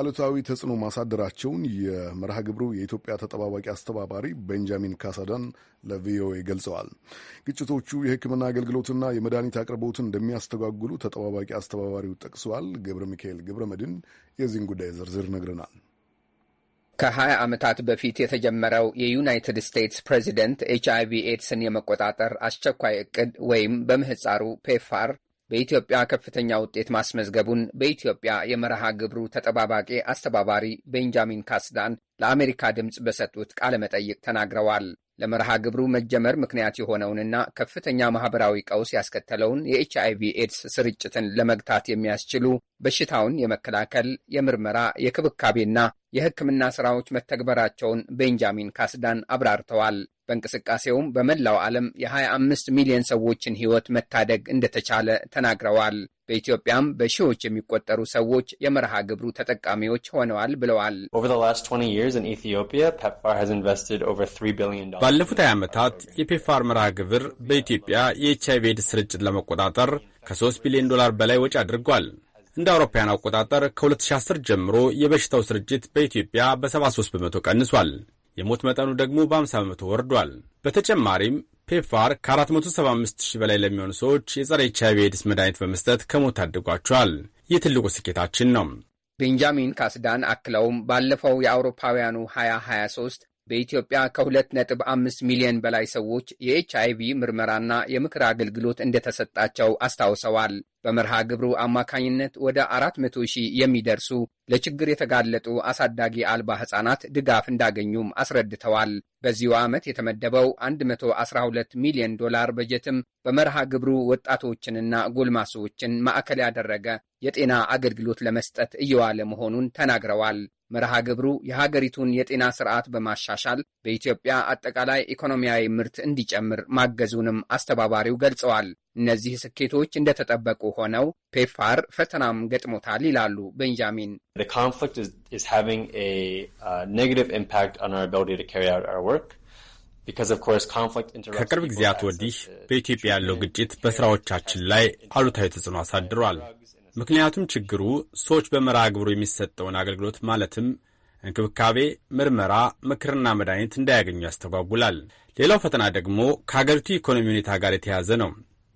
Speaker 1: አሉታዊ ተጽዕኖ ማሳደራቸውን የመርሃ ግብሩ የኢትዮጵያ ተጠባባቂ አስተባባሪ ቤንጃሚን ካሳዳን ለቪኦኤ ገልጸዋል። ግጭቶቹ የሕክምና አገልግሎትና የመድኃኒት አቅርቦትን እንደሚያስተጓጉሉ ተጠባባቂ አስተባባሪው ጠቅሰዋል። ገብረ ሚካኤል ገብረ መድን የዚህን ጉዳይ ዝርዝር ነግረናል።
Speaker 10: ከ20 ዓመታት በፊት የተጀመረው የዩናይትድ ስቴትስ ፕሬዚደንት ኤች አይቪ ኤድስን የመቆጣጠር አስቸኳይ እቅድ ወይም በምህፃሩ ፔፋር በኢትዮጵያ ከፍተኛ ውጤት ማስመዝገቡን በኢትዮጵያ የመርሃ ግብሩ ተጠባባቂ አስተባባሪ ቤንጃሚን ካስዳን ለአሜሪካ ድምፅ በሰጡት ቃለ መጠይቅ ተናግረዋል። ለመርሃ ግብሩ መጀመር ምክንያት የሆነውንና ከፍተኛ ማህበራዊ ቀውስ ያስከተለውን የኤች አይቪ ኤድስ ስርጭትን ለመግታት የሚያስችሉ በሽታውን የመከላከል የምርመራ፣ የክብካቤና የሕክምና ስራዎች መተግበራቸውን ቤንጃሚን ካስዳን አብራርተዋል። በእንቅስቃሴውም በመላው ዓለም የ25 ሚሊዮን ሰዎችን ሕይወት መታደግ እንደተቻለ ተናግረዋል። በኢትዮጵያም በሺዎች የሚቆጠሩ ሰዎች የመርሃ ግብሩ ተጠቃሚዎች ሆነዋል ብለዋል።
Speaker 11: ባለፉት 20 ዓመታት የፔፋር መርሃ ግብር በኢትዮጵያ የኤች አይቪ ኤድስ ስርጭት ለመቆጣጠር ከ3 ቢሊዮን ዶላር በላይ ወጪ አድርጓል። እንደ አውሮፓውያን አቆጣጠር ከ2010 ጀምሮ የበሽታው ስርጭት በኢትዮጵያ በ73 በመቶ ቀንሷል። የሞት መጠኑ ደግሞ በ50 በመቶ ወርዷል። በተጨማሪም ፔፕፋር ከ475 ሺህ በላይ ለሚሆኑ ሰዎች የጸረ ኤች አይቪ ኤድስ መድኃኒት በመስጠት ከሞት ታድጓቸዋል። ይህ ትልቁ ስኬታችን ነው።
Speaker 10: ቤንጃሚን ካስዳን አክለውም ባለፈው የአውሮፓውያኑ 2023 በኢትዮጵያ ከ2.5 ሚሊዮን በላይ ሰዎች የኤች ቪ ምርመራና የምክር አገልግሎት እንደተሰጣቸው አስታውሰዋል። በመርሃ ግብሩ አማካኝነት ወደ 400 ሺህ የሚደርሱ ለችግር የተጋለጡ አሳዳጊ አልባ ሕፃናት ድጋፍ እንዳገኙም አስረድተዋል። በዚሁ ዓመት የተመደበው 112 ሚሊዮን ዶላር በጀትም በመርሃ ግብሩ ወጣቶችንና ጎልማሶችን ማዕከል ያደረገ የጤና አገልግሎት ለመስጠት እየዋለ መሆኑን ተናግረዋል። መርሃ ግብሩ የሀገሪቱን የጤና ስርዓት በማሻሻል በኢትዮጵያ አጠቃላይ ኢኮኖሚያዊ ምርት እንዲጨምር ማገዙንም አስተባባሪው ገልጸዋል። እነዚህ ስኬቶች እንደተጠበቁ ሆነው ፔፋር ፈተናም ገጥሞታል ይላሉ ቤንጃሚን። uh,
Speaker 11: ከቅርብ ጊዜያት ወዲህ በኢትዮጵያ ያለው ግጭት በስራዎቻችን ላይ አሉታዊ ተጽዕኖ አሳድሯል። ምክንያቱም ችግሩ ሰዎች በመርሃ ግብሩ የሚሰጠውን አገልግሎት ማለትም እንክብካቤ፣ ምርመራ፣ ምክርና መድኃኒት እንዳያገኙ ያስተጓጉላል። ሌላው ፈተና ደግሞ ከአገሪቱ ኢኮኖሚ ሁኔታ ጋር የተያያዘ ነው።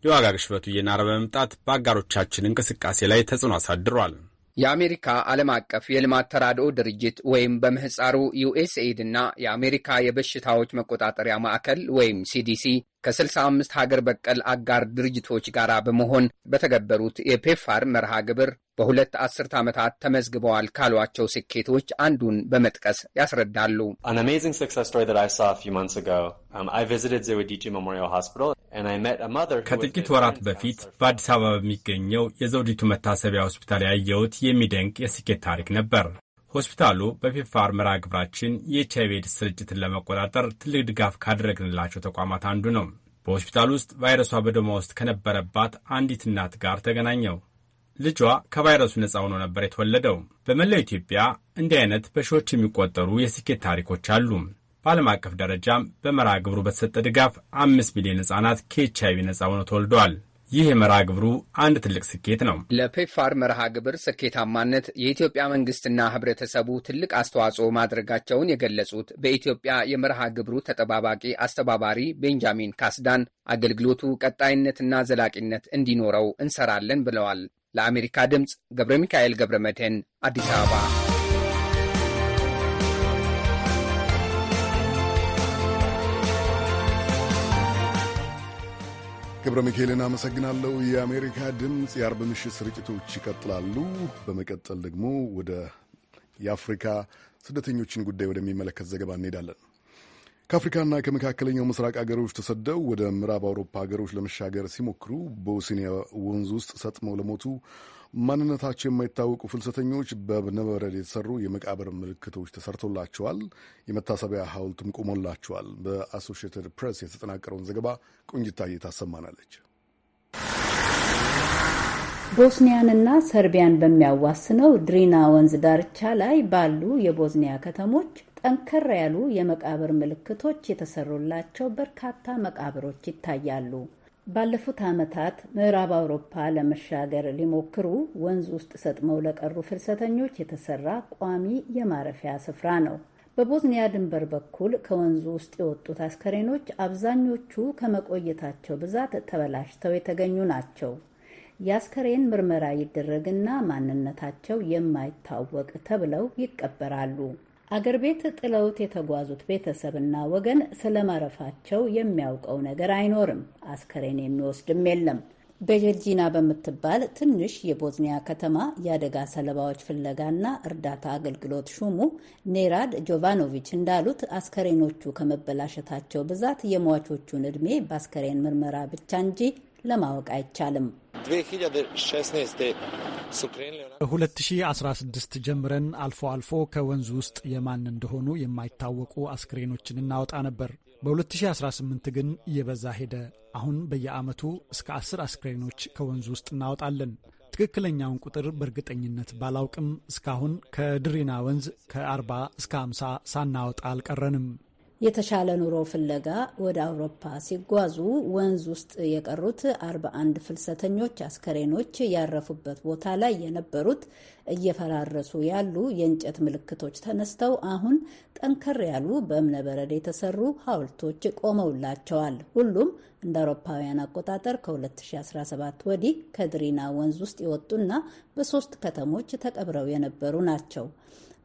Speaker 11: የዋጋ ግሽበቱ እየናረ በመምጣት በአጋሮቻችን እንቅስቃሴ ላይ ተጽዕኖ አሳድሯል።
Speaker 10: የአሜሪካ ዓለም አቀፍ የልማት ተራድኦ ድርጅት ወይም በምህፃሩ ዩኤስኤድ እና የአሜሪካ የበሽታዎች መቆጣጠሪያ ማዕከል ወይም ሲዲሲ ከ65 ሀገር በቀል አጋር ድርጅቶች ጋር በመሆን በተገበሩት የፔፋር መርሃ ግብር በሁለት አስርት ዓመታት ተመዝግበዋል ካሏቸው ስኬቶች አንዱን በመጥቀስ ያስረዳሉ። um,
Speaker 11: ከጥቂት ወራት በፊት በአዲስ አበባ በሚገኘው የዘውዲቱ መታሰቢያ ሆስፒታል ያየሁት የሚደንቅ የስኬት ታሪክ ነበር። ሆስፒታሉ በፔፕፋር መርሃ ግብራችን የኤች አይቪ ኤድስ ስርጭትን ለመቆጣጠር ትልቅ ድጋፍ ካደረግንላቸው ተቋማት አንዱ ነው። በሆስፒታል ውስጥ ቫይረሷ በደሟ ውስጥ ከነበረባት አንዲት እናት ጋር ተገናኘው። ልጇ ከቫይረሱ ነፃ ሆኖ ነበር የተወለደው። በመላው ኢትዮጵያ እንዲህ አይነት በሺዎች የሚቆጠሩ የስኬት ታሪኮች አሉ። በዓለም አቀፍ ደረጃም በመርሃ ግብሩ በተሰጠ ድጋፍ አምስት ሚሊዮን ሕፃናት ከኤች አይቪ ነፃ ሆነው ተወልደዋል። ይህ የመርሃ ግብሩ አንድ ትልቅ ስኬት ነው።
Speaker 10: ለፔፋር መርሃ ግብር ስኬታማነት የኢትዮጵያ መንግስትና ህብረተሰቡ ትልቅ አስተዋጽኦ ማድረጋቸውን የገለጹት በኢትዮጵያ የመርሃ ግብሩ ተጠባባቂ አስተባባሪ ቤንጃሚን ካስዳን አገልግሎቱ ቀጣይነትና ዘላቂነት እንዲኖረው እንሰራለን ብለዋል። ለአሜሪካ ድምፅ ገብረ ሚካኤል ገብረ መድህን አዲስ አበባ።
Speaker 1: ገብረ ሚካኤልን አመሰግናለሁ። የአሜሪካ ድምፅ የአርብ ምሽት ስርጭቶች ይቀጥላሉ። በመቀጠል ደግሞ ወደ የአፍሪካ ስደተኞችን ጉዳይ ወደሚመለከት ዘገባ እንሄዳለን። ከአፍሪካና ከመካከለኛው ምስራቅ አገሮች ተሰደው ወደ ምዕራብ አውሮፓ ሀገሮች ለመሻገር ሲሞክሩ ቦስኒያ ወንዝ ውስጥ ሰጥመው ለሞቱ ማንነታቸው የማይታወቁ ፍልሰተኞች በእብነበረድ የተሰሩ የመቃብር ምልክቶች ተሰርቶላቸዋል። የመታሰቢያ ሐውልትም ቆሞላቸዋል። በአሶሽትድ ፕሬስ የተጠናቀረውን ዘገባ ቆንጅታዬ ታሰማናለች።
Speaker 5: ቦስኒያንና ሰርቢያን በሚያዋስነው ድሪና ወንዝ ዳርቻ ላይ ባሉ የቦዝኒያ ከተሞች ጠንከር ያሉ የመቃብር ምልክቶች የተሰሩላቸው በርካታ መቃብሮች ይታያሉ። ባለፉት ዓመታት ምዕራብ አውሮፓ ለመሻገር ሊሞክሩ ወንዝ ውስጥ ሰጥመው ለቀሩ ፍልሰተኞች የተሰራ ቋሚ የማረፊያ ስፍራ ነው። በቦዝኒያ ድንበር በኩል ከወንዙ ውስጥ የወጡት አስከሬኖች አብዛኞቹ ከመቆየታቸው ብዛት ተበላሽተው የተገኙ ናቸው። የአስከሬን ምርመራ ይደረግና ማንነታቸው የማይታወቅ ተብለው ይቀበራሉ። አገር ቤት ጥለውት የተጓዙት ቤተሰብና ወገን ስለማረፋቸው የሚያውቀው ነገር አይኖርም። አስከሬን የሚወስድም የለም። በጀርጂና በምትባል ትንሽ የቦዝኒያ ከተማ የአደጋ ሰለባዎች ፍለጋና እርዳታ አገልግሎት ሹሙ ኔራድ ጆቫኖቪች እንዳሉት አስከሬኖቹ ከመበላሸታቸው ብዛት የሟቾቹን ዕድሜ በአስከሬን ምርመራ ብቻ እንጂ ለማወቅ አይቻልም።
Speaker 12: 2016
Speaker 6: 2016 ጀምረን አልፎ አልፎ ከወንዝ ውስጥ የማን እንደሆኑ የማይታወቁ አስክሬኖችን እናወጣ ነበር። በ2018 ግን እየበዛ ሄደ። አሁን በየዓመቱ እስከ 10 አስክሬኖች ከወንዝ ውስጥ እናወጣለን። ትክክለኛውን ቁጥር በእርግጠኝነት ባላውቅም እስካሁን ከድሪና ወንዝ ከ40 እስከ 50 ሳናወጣ አልቀረንም።
Speaker 5: የተሻለ ኑሮ ፍለጋ ወደ አውሮፓ ሲጓዙ ወንዝ ውስጥ የቀሩት 41 ፍልሰተኞች አስከሬኖች ያረፉበት ቦታ ላይ የነበሩት እየፈራረሱ ያሉ የእንጨት ምልክቶች ተነስተው አሁን ጠንከር ያሉ በእብነ በረድ የተሰሩ ሐውልቶች ቆመውላቸዋል። ሁሉም እንደ አውሮፓውያን አቆጣጠር ከ2017 ወዲህ ከድሪና ወንዝ ውስጥ የወጡና በሶስት ከተሞች ተቀብረው የነበሩ ናቸው።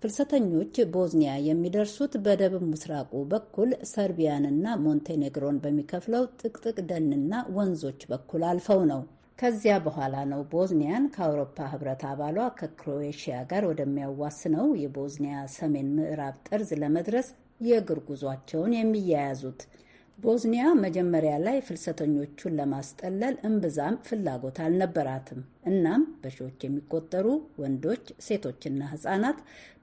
Speaker 5: ፍልሰተኞች ቦዝኒያ የሚደርሱት በደቡብ ምስራቁ በኩል ሰርቢያንና ሞንቴኔግሮን በሚከፍለው ጥቅጥቅ ደንና ወንዞች በኩል አልፈው ነው። ከዚያ በኋላ ነው ቦዝኒያን ከአውሮፓ ህብረት አባሏ ከክሮኤሽያ ጋር ወደሚያዋስነው የቦዝኒያ ሰሜን ምዕራብ ጠርዝ ለመድረስ የእግር ጉዟቸውን የሚያያዙት። ቦዝኒያ መጀመሪያ ላይ ፍልሰተኞቹን ለማስጠለል እምብዛም ፍላጎት አልነበራትም። እናም በሺዎች የሚቆጠሩ ወንዶች፣ ሴቶችና ህጻናት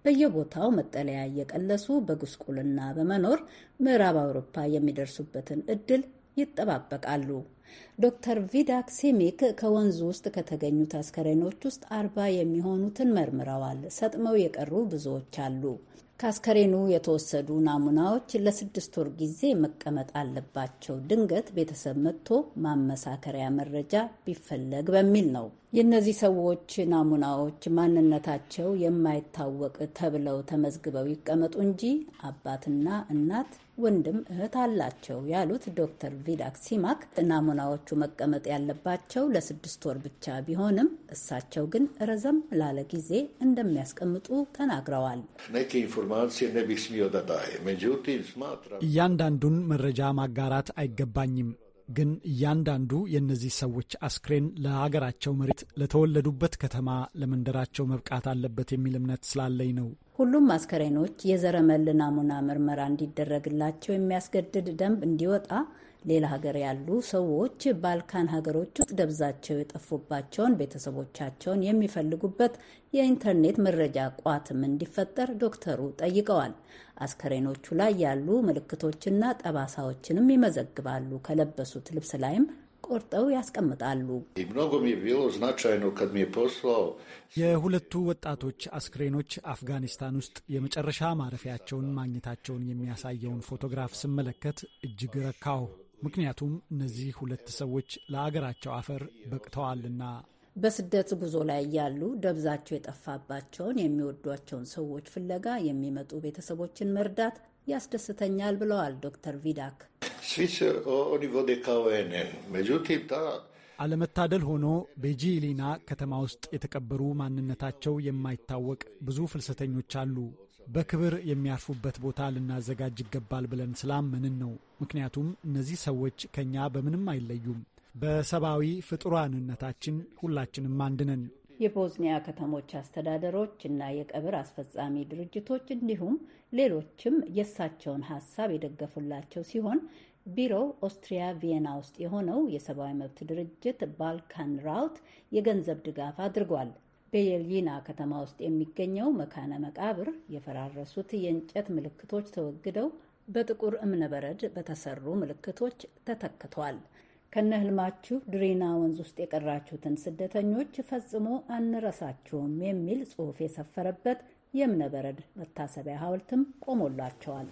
Speaker 5: በየቦታው መጠለያ እየቀለሱ በጉስቁልና በመኖር ምዕራብ አውሮፓ የሚደርሱበትን እድል ይጠባበቃሉ። ዶክተር ቪዳክ ሲሚክ ከወንዙ ውስጥ ከተገኙት አስከሬኖች ውስጥ አርባ የሚሆኑትን መርምረዋል። ሰጥመው የቀሩ ብዙዎች አሉ። ከአስከሬኑ የተወሰዱ ናሙናዎች ለስድስት ወር ጊዜ መቀመጥ አለባቸው፣ ድንገት ቤተሰብ መጥቶ ማመሳከሪያ መረጃ ቢፈለግ በሚል ነው የእነዚህ ሰዎች ናሙናዎች ማንነታቸው የማይታወቅ ተብለው ተመዝግበው ይቀመጡ እንጂ አባትና እናት፣ ወንድም እህት አላቸው ያሉት ዶክተር ቪዳክ ሲማክ ናሙናዎቹ መቀመጥ ያለባቸው ለስድስት ወር ብቻ ቢሆንም እሳቸው ግን ረዘም ላለ ጊዜ እንደሚያስቀምጡ ተናግረዋል። እያንዳንዱን
Speaker 6: መረጃ ማጋራት አይገባኝም ግን እያንዳንዱ የእነዚህ ሰዎች አስክሬን ለሀገራቸው መሬት፣ ለተወለዱበት ከተማ፣ ለመንደራቸው መብቃት አለበት የሚል እምነት ስላለኝ ነው።
Speaker 5: ሁሉም አስከሬኖች የዘረመል ናሙና ምርመራ እንዲደረግላቸው የሚያስገድድ ደንብ እንዲወጣ ሌላ ሀገር ያሉ ሰዎች ባልካን ሀገሮች ውስጥ ደብዛቸው የጠፉባቸውን ቤተሰቦቻቸውን የሚፈልጉበት የኢንተርኔት መረጃ ቋትም እንዲፈጠር ዶክተሩ ጠይቀዋል። አስከሬኖቹ ላይ ያሉ ምልክቶችና ጠባሳዎችንም ይመዘግባሉ። ከለበሱት ልብስ ላይም ቆርጠው ያስቀምጣሉ። የሁለቱ ወጣቶች አስክሬኖች
Speaker 6: አፍጋኒስታን ውስጥ የመጨረሻ ማረፊያቸውን ማግኘታቸውን የሚያሳየውን ፎቶግራፍ ስመለከት እጅግ ረካሁ። ምክንያቱም እነዚህ ሁለት ሰዎች ለአገራቸው አፈር በቅተዋልና
Speaker 5: በስደት ጉዞ ላይ ያሉ ደብዛቸው የጠፋባቸውን የሚወዷቸውን ሰዎች ፍለጋ የሚመጡ ቤተሰቦችን መርዳት ያስደስተኛል ብለዋል ዶክተር ቪዳክ።
Speaker 6: አለመታደል ሆኖ ቤጂሊና ከተማ ውስጥ የተቀበሩ ማንነታቸው የማይታወቅ ብዙ ፍልሰተኞች አሉ። በክብር የሚያርፉበት ቦታ ልናዘጋጅ ይገባል ብለን ስላመንን ነው። ምክንያቱም እነዚህ ሰዎች ከኛ በምንም አይለዩም። በሰብአዊ ፍጡራንነታችን ሁላችንም አንድ ነን
Speaker 5: የቦዝኒያ ከተሞች አስተዳደሮች እና የቀብር አስፈጻሚ ድርጅቶች እንዲሁም ሌሎችም የእሳቸውን ሀሳብ የደገፉላቸው ሲሆን ቢሮው ኦስትሪያ ቪየና ውስጥ የሆነው የሰብአዊ መብት ድርጅት ባልካን ራውት የገንዘብ ድጋፍ አድርጓል። በየልይና ከተማ ውስጥ የሚገኘው መካነ መቃብር የፈራረሱት የእንጨት ምልክቶች ተወግደው በጥቁር እብነበረድ በተሰሩ ምልክቶች ተተክቷል። ከነህልማችሁ ድሪና ወንዝ ውስጥ የቀራችሁትን ስደተኞች ፈጽሞ አንረሳችሁም የሚል ጽሑፍ የሰፈረበት የእብነበረድ መታሰቢያ ሐውልትም ቆሞላቸዋል።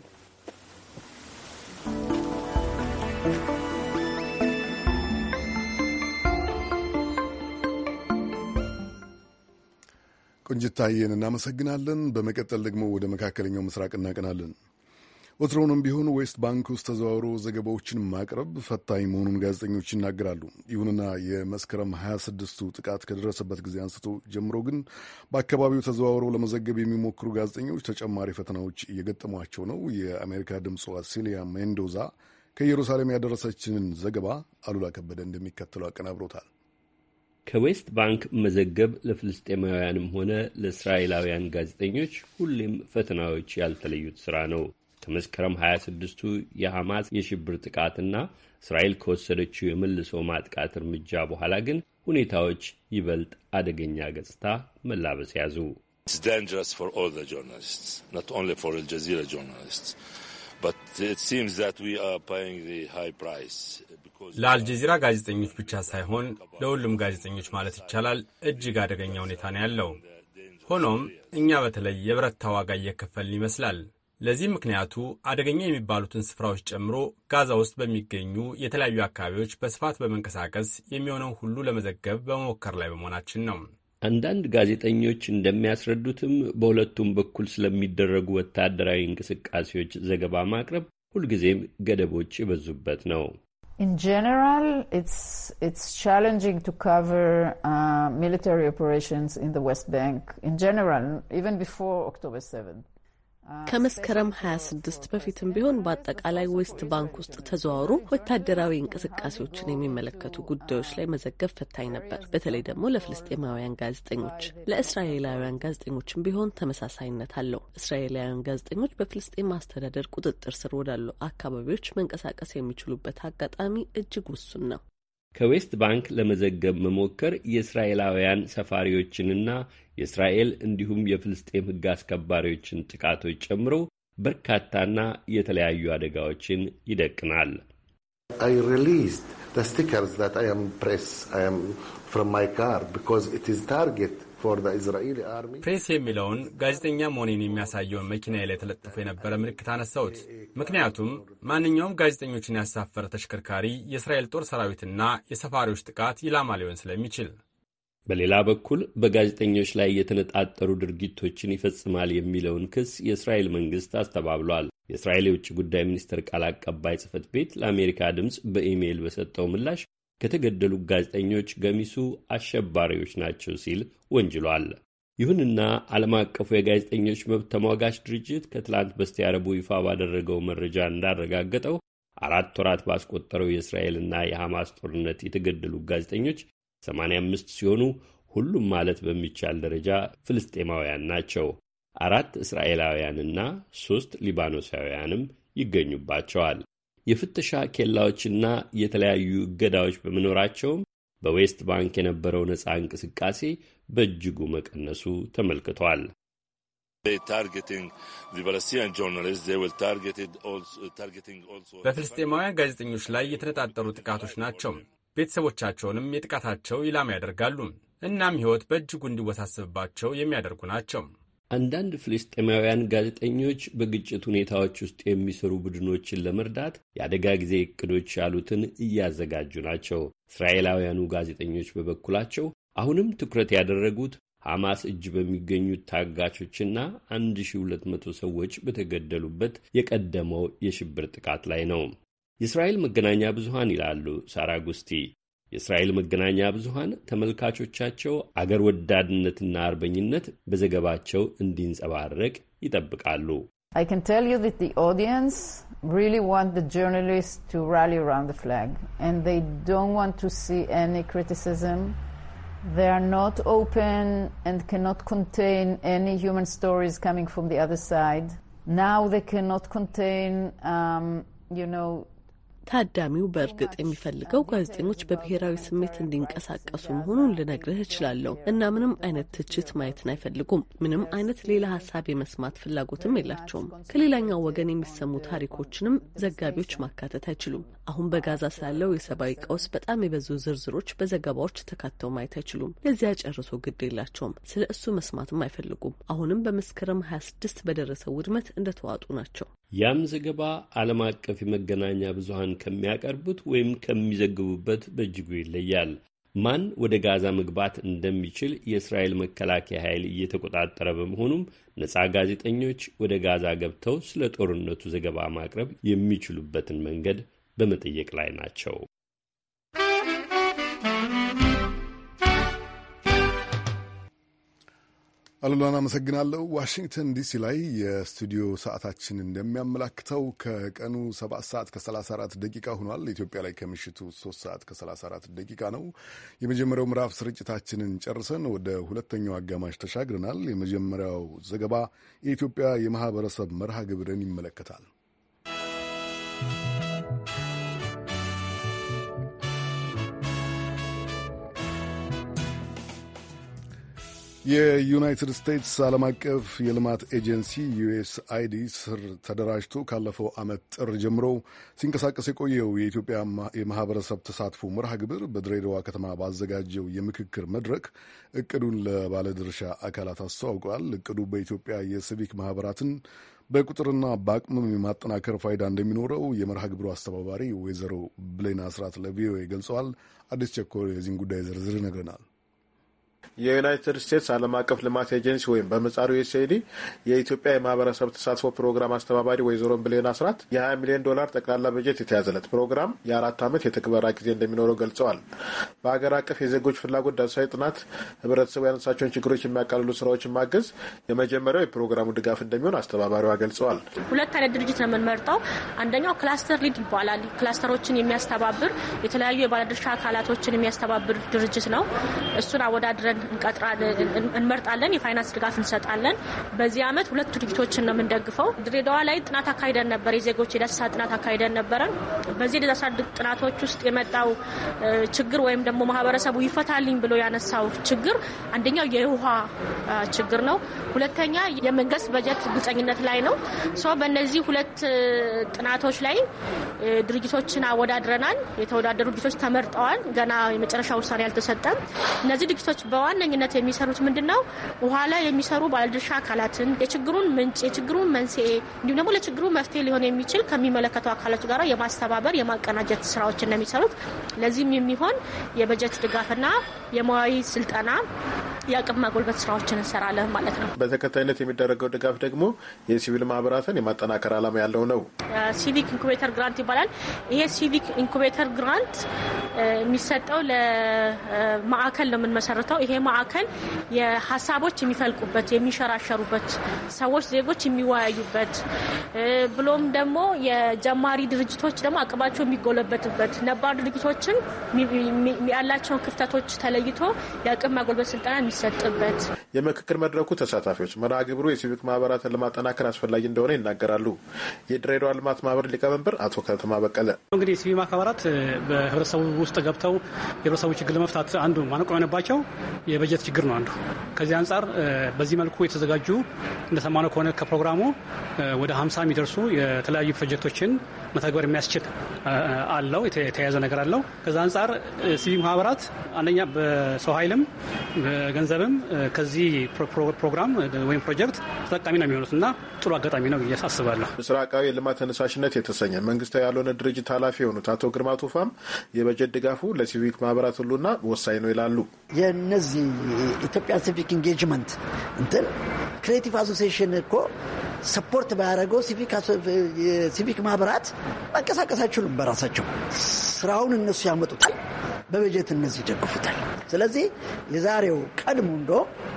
Speaker 1: ቆንጅታዬን እናመሰግናለን። በመቀጠል ደግሞ ወደ መካከለኛው ምስራቅ እናቀናለን። ወትሮውንም ቢሆን ዌስት ባንክ ውስጥ ተዘዋውሮ ዘገባዎችን ማቅረብ ፈታኝ መሆኑን ጋዜጠኞች ይናገራሉ። ይሁንና የመስከረም 26ቱ ጥቃት ከደረሰበት ጊዜ አንስቶ ጀምሮ ግን በአካባቢው ተዘዋውሮ ለመዘገብ የሚሞክሩ ጋዜጠኞች ተጨማሪ ፈተናዎች እየገጠሟቸው ነው። የአሜሪካ ድምፅዋ ሲሊያ ሜንዶዛ ከኢየሩሳሌም ያደረሰችንን ዘገባ አሉላ ከበደ እንደሚከተለው አቀናብሮታል።
Speaker 13: ከዌስት ባንክ መዘገብ ለፍልስጤማውያንም ሆነ ለእስራኤላውያን ጋዜጠኞች ሁሌም ፈተናዎች ያልተለዩት ስራ ነው። ከመስከረም 26ቱ የሐማስ የሽብር ጥቃትና እስራኤል ከወሰደችው የመልሶ ማጥቃት እርምጃ በኋላ ግን ሁኔታዎች ይበልጥ አደገኛ ገጽታ መላበስ ያዙ።
Speaker 11: ለአልጀዚራ ጋዜጠኞች ብቻ ሳይሆን ለሁሉም ጋዜጠኞች ማለት ይቻላል እጅግ አደገኛ ሁኔታ ነው ያለው። ሆኖም እኛ በተለይ የብረታ ዋጋ እየከፈልን ይመስላል። ለዚህም ምክንያቱ አደገኛ የሚባሉትን ስፍራዎች ጨምሮ ጋዛ ውስጥ በሚገኙ የተለያዩ አካባቢዎች በስፋት በመንቀሳቀስ የሚሆነው ሁሉ ለመዘገብ በመሞከር ላይ በመሆናችን ነው።
Speaker 13: አንዳንድ ጋዜጠኞች እንደሚያስረዱትም በሁለቱም በኩል ስለሚደረጉ ወታደራዊ እንቅስቃሴዎች ዘገባ ማቅረብ ሁልጊዜም ገደቦች የበዙበት ነው።
Speaker 5: In general, it's, it's challenging to cover uh, military operations in the West Bank. In general, even before
Speaker 2: October 7th. ከመስከረም
Speaker 5: 26 በፊትም ቢሆን በአጠቃላይ ዌስት ባንክ ውስጥ ተዘዋውሮ ወታደራዊ እንቅስቃሴዎችን የሚመለከቱ ጉዳዮች ላይ መዘገብ ፈታኝ ነበር። በተለይ ደግሞ ለፍልስጤማውያን ጋዜጠኞች፣ ለእስራኤላውያን ጋዜጠኞችም ቢሆን ተመሳሳይነት አለው። እስራኤላውያን ጋዜጠኞች በፍልስጤም አስተዳደር ቁጥጥር ስር ወዳሉ አካባቢዎች መንቀሳቀስ የሚችሉበት አጋጣሚ እጅግ ውሱን ነው።
Speaker 13: ከዌስት ባንክ ለመዘገብ መሞከር የእስራኤላውያን ሰፋሪዎችንና የእስራኤል እንዲሁም የፍልስጤም ሕግ አስከባሪዎችን ጥቃቶች ጨምሮ በርካታና የተለያዩ አደጋዎችን
Speaker 1: ይደቅናል። ታርጌት ፕሬስ
Speaker 11: የሚለውን ጋዜጠኛ መሆኔን የሚያሳየውን መኪናዬ ላይ ተለጥፎ የነበረ ምልክት አነሳሁት። ምክንያቱም ማንኛውም ጋዜጠኞችን ያሳፈረ ተሽከርካሪ የእስራኤል ጦር ሰራዊትና የሰፋሪዎች ጥቃት ኢላማ ሊሆን ስለሚችል።
Speaker 13: በሌላ በኩል በጋዜጠኞች ላይ የተነጣጠሩ ድርጊቶችን ይፈጽማል የሚለውን ክስ የእስራኤል መንግስት አስተባብሏል። የእስራኤል የውጭ ጉዳይ ሚኒስቴር ቃል አቀባይ ጽህፈት ቤት ለአሜሪካ ድምፅ በኢሜይል በሰጠው ምላሽ ከተገደሉ ጋዜጠኞች ገሚሱ አሸባሪዎች ናቸው ሲል ወንጅሏል። ይሁንና ዓለም አቀፉ የጋዜጠኞች መብት ተሟጋች ድርጅት ከትላንት በስቲያ ረቡዕ ይፋ ባደረገው መረጃ እንዳረጋገጠው አራት ወራት ባስቆጠረው የእስራኤልና የሐማስ ጦርነት የተገደሉ ጋዜጠኞች 85 ሲሆኑ ሁሉም ማለት በሚቻል ደረጃ ፍልስጤማውያን ናቸው። አራት እስራኤላውያንና ሦስት ሊባኖሳውያንም ይገኙባቸዋል። የፍተሻ ኬላዎችና የተለያዩ እገዳዎች በመኖራቸውም በዌስት ባንክ የነበረው ነፃ እንቅስቃሴ በእጅጉ መቀነሱ ተመልክቷል።
Speaker 11: በፍልስጤማውያን ጋዜጠኞች ላይ የተነጣጠሩ ጥቃቶች ናቸው። ቤተሰቦቻቸውንም የጥቃታቸው ኢላማ ያደርጋሉ። እናም ሕይወት በእጅጉ እንዲወሳሰብባቸው የሚያደርጉ ናቸው። አንዳንድ
Speaker 13: ፍልስጤማውያን ጋዜጠኞች በግጭት ሁኔታዎች ውስጥ የሚሰሩ ቡድኖችን ለመርዳት የአደጋ ጊዜ እቅዶች ያሉትን እያዘጋጁ ናቸው። እስራኤላውያኑ ጋዜጠኞች በበኩላቸው አሁንም ትኩረት ያደረጉት ሐማስ እጅ በሚገኙት ታጋቾችና 1200 ሰዎች በተገደሉበት የቀደመው የሽብር ጥቃት ላይ ነው። የእስራኤል መገናኛ ብዙሃን ይላሉ ሳራ ጉስቲ I can tell you
Speaker 5: that the audience really want the journalists to rally around the flag and they don't want to see any criticism. They are not open and cannot contain any human stories coming from the other side. Now they cannot contain, um, you know, ታዳሚው በእርግጥ የሚፈልገው ጋዜጠኞች በብሔራዊ ስሜት እንዲንቀሳቀሱ መሆኑን ልነግርህ እችላለሁ እና ምንም አይነት ትችት ማየትን አይፈልጉም። ምንም አይነት ሌላ ሀሳብ የመስማት ፍላጎትም የላቸውም። ከሌላኛው ወገን የሚሰሙ ታሪኮችንም ዘጋቢዎች ማካተት አይችሉም። አሁን በጋዛ ስላለው የሰብአዊ ቀውስ በጣም የበዙ ዝርዝሮች በዘገባዎች ተካተው ማየት አይችሉም። ለዚያ ጨርሶ ግድ የላቸውም። ስለ እሱ መስማትም አይፈልጉም። አሁንም በመስከረም 26 በደረሰው ውድመት እንደተዋጡ ናቸው።
Speaker 13: ያም ዘገባ ዓለም አቀፍ የመገናኛ ብዙሀን ከሚያቀርቡት ወይም ከሚዘግቡበት በእጅጉ ይለያል። ማን ወደ ጋዛ መግባት እንደሚችል የእስራኤል መከላከያ ኃይል እየተቆጣጠረ በመሆኑም ነፃ ጋዜጠኞች ወደ ጋዛ ገብተው ስለ ጦርነቱ ዘገባ ማቅረብ የሚችሉበትን መንገድ በመጠየቅ ላይ ናቸው።
Speaker 1: አሉላን አመሰግናለሁ። ዋሽንግተን ዲሲ ላይ የስቱዲዮ ሰዓታችን እንደሚያመላክተው ከቀኑ 7 ሰዓት ከ34 ደቂቃ ሆኗል። ኢትዮጵያ ላይ ከምሽቱ 3 ሰዓት ከ34 ደቂቃ ነው። የመጀመሪያው ምዕራፍ ስርጭታችንን ጨርሰን ወደ ሁለተኛው አጋማሽ ተሻግረናል። የመጀመሪያው ዘገባ የኢትዮጵያ የማህበረሰብ መርሃ ግብርን ይመለከታል። የዩናይትድ ስቴትስ ዓለም አቀፍ የልማት ኤጀንሲ ዩኤስአይዲ አይዲ ስር ተደራጅቶ ካለፈው ዓመት ጥር ጀምሮ ሲንቀሳቀስ የቆየው የኢትዮጵያ የማህበረሰብ ተሳትፎ መርሃ ግብር በድሬዳዋ ከተማ ባዘጋጀው የምክክር መድረክ እቅዱን ለባለድርሻ አካላት አስተዋውቋል። እቅዱ በኢትዮጵያ የሲቪክ ማህበራትን በቁጥርና በአቅምም የማጠናከር ፋይዳ እንደሚኖረው የመርሃ ግብሩ አስተባባሪ ወይዘሮ ብሌና ስርዓት ለቪኦኤ ገልጸዋል። አዲስ ቸኮር የዚህን ጉዳይ ዝርዝር ይነግረናል።
Speaker 7: የዩናይትድ ስቴትስ ዓለም አቀፍ ልማት ኤጀንሲ ወይም በምጻሩ ዩኤስኤዲ የኢትዮጵያ የማህበረሰብ ተሳትፎ ፕሮግራም አስተባባሪ ወይዘሮ ብሌን አስራት የ20 ሚሊዮን ዶላር ጠቅላላ በጀት የተያዘለት ፕሮግራም የአራት ዓመት የትግበራ ጊዜ እንደሚኖረው ገልጸዋል። በሀገር አቀፍ የዜጎች ፍላጎት ዳሰሳዊ ጥናት ህብረተሰቡ ያነሳቸውን ችግሮች የሚያቃልሉ ስራዎችን ማገዝ የመጀመሪያው የፕሮግራሙ ድጋፍ እንደሚሆን አስተባባሪዋ ገልጸዋል።
Speaker 14: ሁለት አይነት ድርጅት ነው የምንመርጠው። አንደኛው ክላስተር ሊድ ይባላል። ክላስተሮችን የሚያስተባብር የተለያዩ የባለድርሻ አካላቶችን የሚያስተባብር ድርጅት ነው። እሱን አወዳድረ አብረን እንቀጥራለን፣ እንመርጣለን፣ የፋይናንስ ድጋፍ እንሰጣለን። በዚህ አመት ሁለቱ ድርጅቶችን ነው የምንደግፈው። ድሬዳዋ ላይ ጥናት አካሂደን ነበር፣ የዜጎች የዳሰሳ ጥናት አካሂደን ነበረ። በዚህ የዳሰሳ ጥናቶች ውስጥ የመጣው ችግር ወይም ደግሞ ማህበረሰቡ ይፈታልኝ ብሎ ያነሳው ችግር አንደኛው የውሃ ችግር ነው። ሁለተኛ የመንግስት በጀት ግልጸኝነት ላይ ነው። በእነዚህ ሁለት ጥናቶች ላይ ድርጅቶችን አወዳድረናል። የተወዳደሩ ድርጅቶች ተመርጠዋል። ገና የመጨረሻ ውሳኔ አልተሰጠም። እነዚህ ድርጅቶች በ በዋነኝነት የሚሰሩት ምንድን ነው? በኋላ የሚሰሩ ባለድርሻ አካላትን የችግሩን ምንጭ፣ የችግሩን መንስኤ እንዲሁም ደግሞ ለችግሩ መፍትሄ ሊሆን የሚችል ከሚመለከተው አካላት ጋር የማስተባበር የማቀናጀት ስራዎችን ነው የሚሰሩት። ለዚህም የሚሆን የበጀት ድጋፍና የሙያዊ ስልጠና የአቅም ማጎልበት ስራዎችን እንሰራለን ማለት ነው።
Speaker 7: በተከታይነት የሚደረገው ድጋፍ ደግሞ የሲቪል ማህበራትን የማጠናከር ዓላማ ያለው ነው።
Speaker 14: ሲቪክ ኢንኩቤተር ግራንት ይባላል። ይሄ ሲቪክ ኢንኩቤተር ግራንት የሚሰጠው ለማዕከል ነው የምንመሰርተው። ይሄ ማዕከል የሀሳቦች የሚፈልቁበት የሚሸራሸሩበት፣ ሰዎች ዜጎች የሚወያዩበት ብሎም ደግሞ የጀማሪ ድርጅቶች ደግሞ አቅማቸው የሚጎለበትበት ነባር ድርጅቶችን ያላቸውን ክፍተቶች ተለይቶ የአቅም ማጎልበት ስልጠና የሚሰጥበት
Speaker 7: የምክክር መድረኩ ተሳታፊዎች መርሃ ግብሩ የሲቪክ ማህበራትን ለማጠናከር አስፈላጊ እንደሆነ ይናገራሉ። የድሬዳዋ ልማት ማህበር ሊቀመንበር አቶ ከተማ በቀለ
Speaker 9: እንግዲህ የሲቪክ ማህበራት በህብረተሰቡ ውስጥ ገብተው የህብረተሰቡ ችግር ለመፍታት አንዱ ማነቆ የሆነባቸው የበጀት ችግር ነው አንዱ። ከዚህ አንጻር በዚህ መልኩ የተዘጋጁ እንደሰማነው ከሆነ ከፕሮግራሙ ወደ 50 የሚደርሱ የተለያዩ ፕሮጀክቶችን መተግበር የሚያስችል አለው የተያያዘ ነገር አለው። ከዛ አንጻር ሲቪክ ማህበራት አንደኛ በሰው ኃይልም በገንዘብም ከዚህ ፕሮግራም ወይም ፕሮጀክት ተጠቃሚ ነው
Speaker 7: የሚሆኑት እና ጥሩ አጋጣሚ ነው ብዬ አስባለሁ። ምስራቃዊ የልማት ተነሳሽነት የተሰኘ መንግስታዊ ያልሆነ ድርጅት ኃላፊ የሆኑት አቶ ግርማ ቱፋም የበጀት ድጋፉ ለሲቪክ ማህበራት ሁሉና ወሳኝ ነው ይላሉ።
Speaker 8: የነዚህ ኢትዮጵያ ሲቪክ ኢንጌጅመንት እንትን ክሬቲቭ አሶሲሽን እኮ ሰፖርት ባያደረገው ሲቪክ ማህበራት መንቀሳቀስ አይችሉም። በራሳቸው ስራውን እነሱ ያመጡታል፣ በበጀት እነዚህ ይደግፉታል። ስለዚህ የዛሬው ቀድሞ እንዶ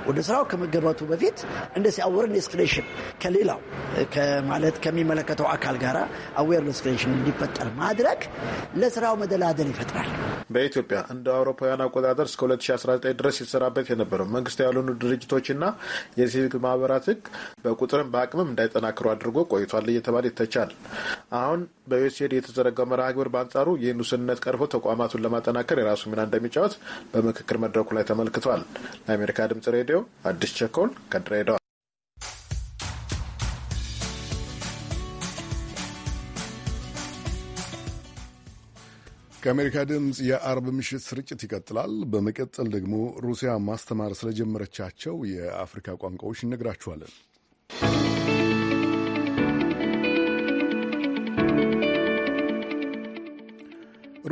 Speaker 8: ወደ ስራው ከመገባቱ በፊት እንደዚህ አዌርነስ ክሬሽን ከሌላው ማለት ከሚመለከተው አካል ጋር አዌር ክሬሽን እንዲፈጠር
Speaker 5: ማድረግ
Speaker 7: ለስራው መደላደል ይፈጥራል። በኢትዮጵያ እንደ አውሮፓውያን አቆጣጠር እስከ 2019 ድረስ ሲሰራበት የነበረው መንግስት ያልሆኑ ድርጅቶችና የሲቪክ ማህበራት ህግ በቁጥርም በአቅምም እንዳይጠናክሩ አድርጎ ቆይቷል እየተባለ ይተቻል። አሁን በዩኤስኤድ የተዘረጋው መርሃ ግብር በአንጻሩ ይህን ውስንነት ቀርፎ ተቋማቱን ለማጠናከር የራሱ ሚና እንደሚጫወት በምክክር መድረኩ ላይ ተመልክቷል። ለአሜሪካ ድምጽ ሬዲዮ አዲስ ቸኮል ከድሬዳዋ።
Speaker 1: ከአሜሪካ ድምፅ የአርብ ምሽት ስርጭት ይቀጥላል። በመቀጠል ደግሞ ሩሲያ ማስተማር ስለጀመረቻቸው የአፍሪካ ቋንቋዎች እነግራችኋለን።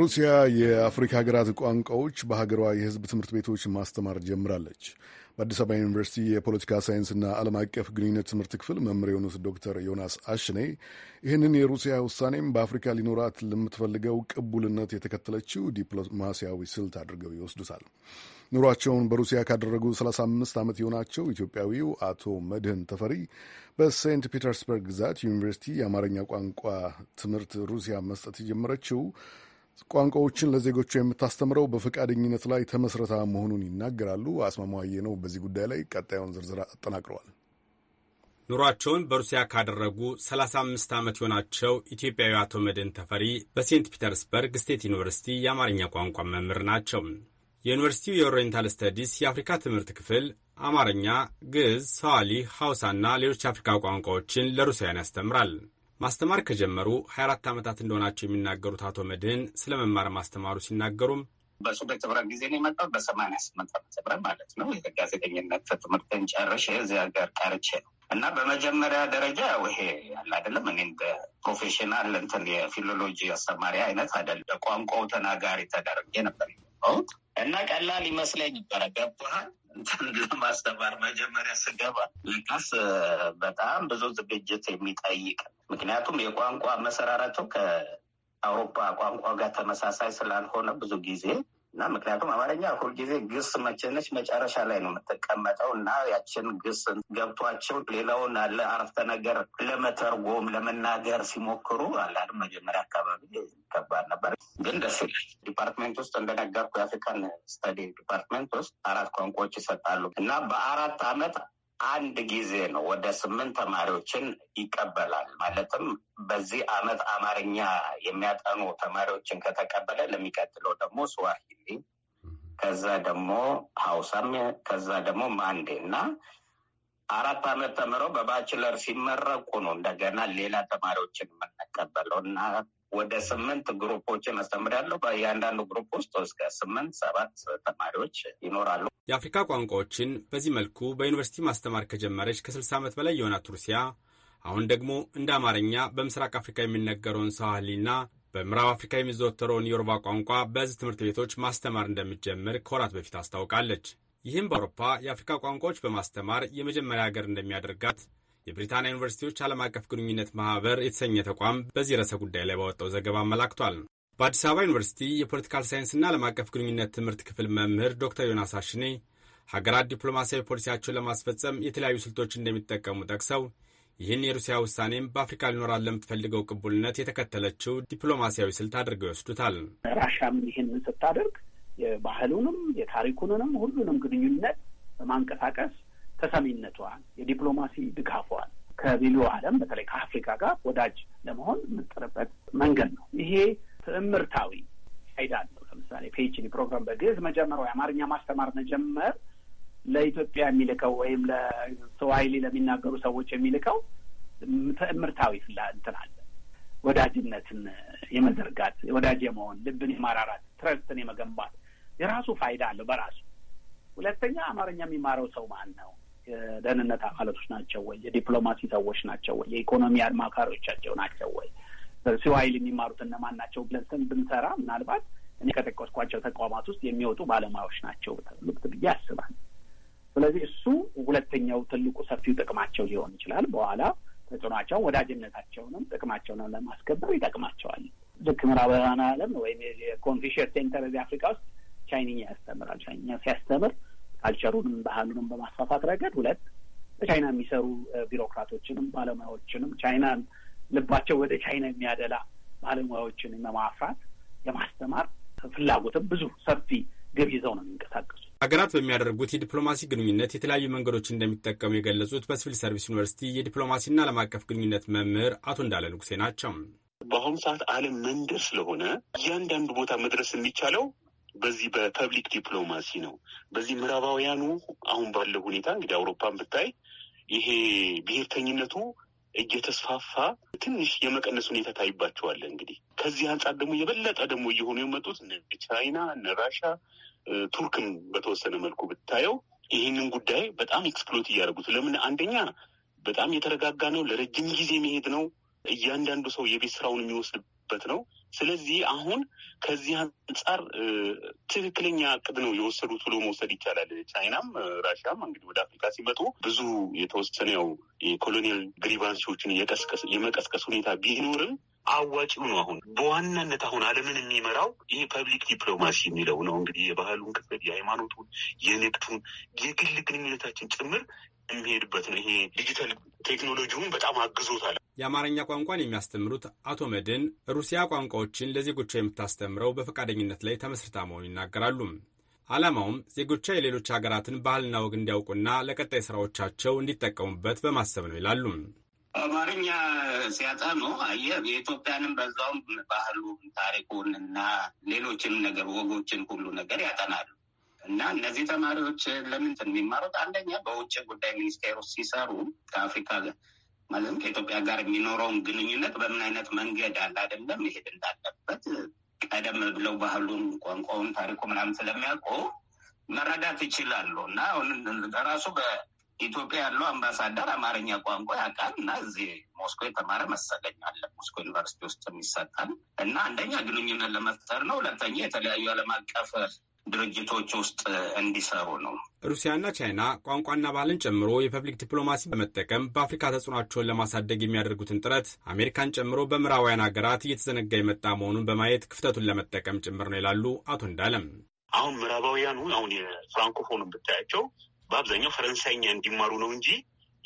Speaker 1: ሩሲያ የአፍሪካ ሀገራት ቋንቋዎች በሀገሯ የሕዝብ ትምህርት ቤቶች ማስተማር ጀምራለች። በአዲስ አበባ ዩኒቨርሲቲ የፖለቲካ ሳይንስና ዓለም አቀፍ ግንኙነት ትምህርት ክፍል መምህር የሆኑት ዶክተር ዮናስ አሽኔ ይህንን የሩሲያ ውሳኔም በአፍሪካ ሊኖራት ለምትፈልገው ቅቡልነት የተከተለችው ዲፕሎማሲያዊ ስልት አድርገው ይወስዱታል። ኑሯቸውን በሩሲያ ካደረጉ 35 ዓመት የሆናቸው ኢትዮጵያዊው አቶ መድህን ተፈሪ በሴንት ፒተርስበርግ ግዛት ዩኒቨርሲቲ የአማርኛ ቋንቋ ትምህርት ሩሲያ መስጠት የጀመረችው ቋንቋዎችን ለዜጎቹ የምታስተምረው በፈቃደኝነት ላይ ተመስረታ መሆኑን ይናገራሉ። አስማማዋዬ ነው በዚህ ጉዳይ ላይ ቀጣዩን ዝርዝር አጠናቅረዋል።
Speaker 11: ኑሯቸውን በሩሲያ ካደረጉ 35 ዓመት የሆናቸው ኢትዮጵያዊ አቶ መድን ተፈሪ በሴንት ፒተርስበርግ ስቴት ዩኒቨርሲቲ የአማርኛ ቋንቋ መምህር ናቸው። የዩኒቨርሲቲው የኦሪየንታል ስተዲስ የአፍሪካ ትምህርት ክፍል አማርኛ፣ ግዕዝ፣ ሰዋሊ፣ ሐውሳና ሌሎች የአፍሪካ ቋንቋዎችን ለሩሲያን ያስተምራል። ማስተማር ከጀመሩ 24 ዓመታት እንደሆናቸው የሚናገሩት አቶ መድህን ስለ መማር ማስተማሩ ሲናገሩም
Speaker 15: በሱ በትምህርት ጊዜ ነው የመጣው። በሰማንያ ስምንት ዓመተ ምህረት ማለት ነው። የጋዜጠኝነት ትምህርትን ጨርሼ እዚህ ሀገር ቀርቼ ነው እና በመጀመሪያ ደረጃ ይሄ ያለ አይደለም። እኔ እንደ ፕሮፌሽናል እንትን የፊሎሎጂ አስተማሪ አይነት አይደለም። ቋንቋው ተናጋሪ ተደርጌ ነበር የገባሁት እና ቀላል ይመስለኝ
Speaker 16: ነበረ። ገባህ
Speaker 15: ለማስተማር መጀመሪያ ስገባ ልቅስ በጣም ብዙ ዝግጅት የሚጠይቅ ምክንያቱም የቋንቋ መሰራረቱ ከአውሮፓ ቋንቋ ጋር ተመሳሳይ ስላልሆነ ብዙ ጊዜ እና ምክንያቱም አማርኛ ሁልጊዜ ግስ መቼነች መጨረሻ ላይ ነው የምትቀመጠው እና ያችን ግስ ገብቷቸው ሌላውን አለ አረፍተ ነገር ለመተርጎም ለመናገር ሲሞክሩ አላድ መጀመሪያ አካባቢ ከባድ ነበር፣ ግን ደስ ይላል። ዲፓርትሜንት ውስጥ እንደነገርኩ የአፍሪካን ስተዲ ዲፓርትሜንት ውስጥ አራት ቋንቋዎች ይሰጣሉ እና በአራት አመት አንድ ጊዜ ነው ወደ ስምንት ተማሪዎችን ይቀበላል። ማለትም በዚህ አመት አማርኛ የሚያጠኑ ተማሪዎችን ከተቀበለ ለሚቀጥለው ደግሞ ስዋሂሊ፣ ከዛ ደግሞ ሀውሳም፣ ከዛ ደግሞ ማንዴ እና አራት አመት ተምረው በባችለር ሲመረቁ ነው እንደገና ሌላ ተማሪዎችን የምንቀበለው እና ወደ ስምንት ግሩፖችን አስተምራለሁ። በእያንዳንዱ ግሩፕ ውስጥ እስከ ስምንት ሰባት ተማሪዎች ይኖራሉ።
Speaker 11: የአፍሪካ ቋንቋዎችን በዚህ መልኩ በዩኒቨርሲቲ ማስተማር ከጀመረች ከስልሳ ዓመት በላይ የሆናት ሩሲያ አሁን ደግሞ እንደ አማርኛ በምስራቅ አፍሪካ የሚነገረውን ሳህሊና በምዕራብ አፍሪካ የሚዘወተረውን የዮሩባ ቋንቋ በሕዝብ ትምህርት ቤቶች ማስተማር እንደምትጀምር ከወራት በፊት አስታውቃለች። ይህም በአውሮፓ የአፍሪካ ቋንቋዎች በማስተማር የመጀመሪያ ሀገር እንደሚያደርጋት የብሪታንያ ዩኒቨርሲቲዎች ዓለም አቀፍ ግንኙነት ማህበር የተሰኘ ተቋም በዚህ ርዕሰ ጉዳይ ላይ ባወጣው ዘገባ አመላክቷል። በአዲስ አበባ ዩኒቨርሲቲ የፖለቲካል ሳይንስና ዓለም አቀፍ ግንኙነት ትምህርት ክፍል መምህር ዶክተር ዮናስ አሽኔ ሀገራት ዲፕሎማሲያዊ ፖሊሲያቸውን ለማስፈጸም የተለያዩ ስልቶች እንደሚጠቀሙ ጠቅሰው ይህን የሩሲያ ውሳኔም በአፍሪካ ሊኖራት ለምትፈልገው ቅቡልነት የተከተለችው ዲፕሎማሲያዊ ስልት አድርገው ይወስዱታል።
Speaker 9: ራሻም ይህንን ስታደርግ የባህሉንም የታሪኩንንም ሁሉንም ግንኙነት በማንቀሳቀስ ተሰሚነቷን፣ የዲፕሎማሲ ድጋፏን ከሌላው ዓለም በተለይ ከአፍሪካ ጋር ወዳጅ ለመሆን የምንጥርበት መንገድ ነው። ይሄ ትዕምርታዊ ፋይዳ አለው። ለምሳሌ ፒኤችዲ ፕሮግራም በግዕዝ መጀመር ወይ አማርኛ ማስተማር መጀመር ለኢትዮጵያ የሚልከው ወይም ለስዋሂሊ ለሚናገሩ ሰዎች የሚልከው ትዕምርታዊ እንትን አለ። ወዳጅነትን የመዘርጋት ወዳጅ የመሆን ልብን የማራራት ትረስትን የመገንባት የራሱ ፋይዳ አለው በራሱ። ሁለተኛ አማርኛ የሚማረው ሰው ማን ነው? የደህንነት አካላቶች ናቸው ወይ? የዲፕሎማሲ ሰዎች ናቸው ወይ? የኢኮኖሚ አማካሪዎቻቸው ናቸው ወይ? ሲዋይል የሚማሩት እነማን ናቸው ብለን ብንሰራ ምናልባት እኔ ከጠቀስኳቸው ተቋማት ውስጥ የሚወጡ ባለሙያዎች ናቸው ተብሉት ብዬ አስባል። ስለዚህ እሱ ሁለተኛው ትልቁ ሰፊው ጥቅማቸው ሊሆን ይችላል። በኋላ ተጽዕኗቸውን፣ ወዳጅነታቸውንም ጥቅማቸውንም ለማስከበር ይጠቅማቸዋል።
Speaker 6: ልክ ምዕራባውያን
Speaker 9: ዓለም ወይም የኮንፊሽየስ ሴንተር እዚህ አፍሪካ ውስጥ ቻይንኛ ያስተምራል። ቻይንኛ ሲያስተምር ካልቸሩንም ባህሉንም በማስፋፋት ረገድ፣ ሁለት በቻይና የሚሰሩ ቢሮክራቶችንም ባለሙያዎችንም ቻይናን ልባቸው ወደ ቻይና የሚያደላ ባለሙያዎችን የማፍራት የማስተማር ፍላጎትም ብዙ ሰፊ ግብ ይዘው ነው የሚንቀሳቀሱ።
Speaker 11: ሀገራት በሚያደርጉት የዲፕሎማሲ ግንኙነት የተለያዩ መንገዶች እንደሚጠቀሙ የገለጹት በሲቪል ሰርቪስ ዩኒቨርሲቲ የዲፕሎማሲና ዓለም አቀፍ ግንኙነት መምህር አቶ እንዳለ ንጉሴ ናቸው።
Speaker 16: በአሁኑ ሰዓት ዓለም መንደር ስለሆነ እያንዳንዱ ቦታ መድረስ የሚቻለው በዚህ በፐብሊክ ዲፕሎማሲ ነው። በዚህ ምዕራባውያኑ አሁን ባለው ሁኔታ እንግዲህ አውሮፓን ብታይ ይሄ ብሔርተኝነቱ እየተስፋፋ ትንሽ የመቀነስ ሁኔታ ታይባቸዋለ እንግዲህ ከዚህ አንጻር ደግሞ የበለጠ ደግሞ እየሆኑ የመጡት ቻይና፣ እነ ራሻ፣ ቱርክም በተወሰነ መልኩ ብታየው ይህንን ጉዳይ በጣም ኤክስፕሎት እያደረጉት ለምን አንደኛ በጣም የተረጋጋ ነው፣ ለረጅም ጊዜ መሄድ ነው። እያንዳንዱ ሰው የቤት ስራውን የሚወስድ በት ነው። ስለዚህ አሁን ከዚህ አንጻር ትክክለኛ እቅድ ነው የወሰዱት ብሎ መውሰድ ይቻላል። ቻይናም ራሽያም እንግዲህ ወደ አፍሪካ ሲመጡ ብዙ የተወሰነው የኮሎኒያል ግሪቫንሲዎችን የመቀስቀስ ሁኔታ ቢኖርም አዋጭው ነው። አሁን በዋናነት አሁን ዓለምን የሚመራው ይህ ፐብሊክ ዲፕሎማሲ የሚለው ነው። እንግዲህ የባህሉን ክፍል፣ የሃይማኖቱን፣ የንግዱን፣ የግል ግንኙነታችን ጭምር የሚሄድበት ነው። ይሄ ዲጂታል ቴክኖሎጂውን በጣም አግዞታል። የአማርኛ
Speaker 11: ቋንቋን የሚያስተምሩት አቶ መድን ሩሲያ ቋንቋዎችን ለዜጎቿ የምታስተምረው በፈቃደኝነት ላይ ተመስርታ መሆኑን ይናገራሉ። ዓላማውም ዜጎቿ የሌሎች ሀገራትን ባህልና ወግ እንዲያውቁና ለቀጣይ ስራዎቻቸው እንዲጠቀሙበት በማሰብ ነው ይላሉ።
Speaker 15: አማርኛ ሲያጠኑ አየህ የኢትዮጵያንም በዛውም ባህሉን፣ ታሪኩን እና ሌሎችንም ነገር ወጎችን ሁሉ ነገር ያጠናሉ። እና እነዚህ ተማሪዎች ለምን የሚማሩት አንደኛ በውጭ ጉዳይ ሚኒስቴር ውስጥ ሲሰሩ ከአፍሪካ ማለትም ከኢትዮጵያ ጋር የሚኖረውን ግንኙነት በምን አይነት መንገድ አለ አደለም መሄድ እንዳለበት ቀደም ብለው ባህሉን፣ ቋንቋውን፣ ታሪኩ ምናምን ስለሚያውቁ መረዳት ይችላሉ እና ራሱ በኢትዮጵያ ያለው አምባሳደር አማርኛ ቋንቋ ያውቃል እና እዚህ ሞስኮ የተማረ መሰለኝ አለ ሞስኮ ዩኒቨርሲቲ ውስጥ የሚሰጣል እና አንደኛ ግንኙነት ለመፍጠር ነው። ሁለተኛ የተለያዩ ዓለም አቀፍ ድርጅቶች ውስጥ እንዲሰሩ ነው።
Speaker 11: ሩሲያና ቻይና ቋንቋና ባህልን ጨምሮ የፐብሊክ ዲፕሎማሲ በመጠቀም በአፍሪካ ተጽዕኖአቸውን ለማሳደግ የሚያደርጉትን ጥረት አሜሪካን ጨምሮ በምዕራባውያን ሀገራት እየተዘነጋ የመጣ መሆኑን በማየት ክፍተቱን ለመጠቀም ጭምር ነው ይላሉ አቶ እንዳለም።
Speaker 16: አሁን ምዕራባውያኑ አሁን የፍራንኮፎኑ ብታያቸው በአብዛኛው ፈረንሳይኛ እንዲማሩ ነው እንጂ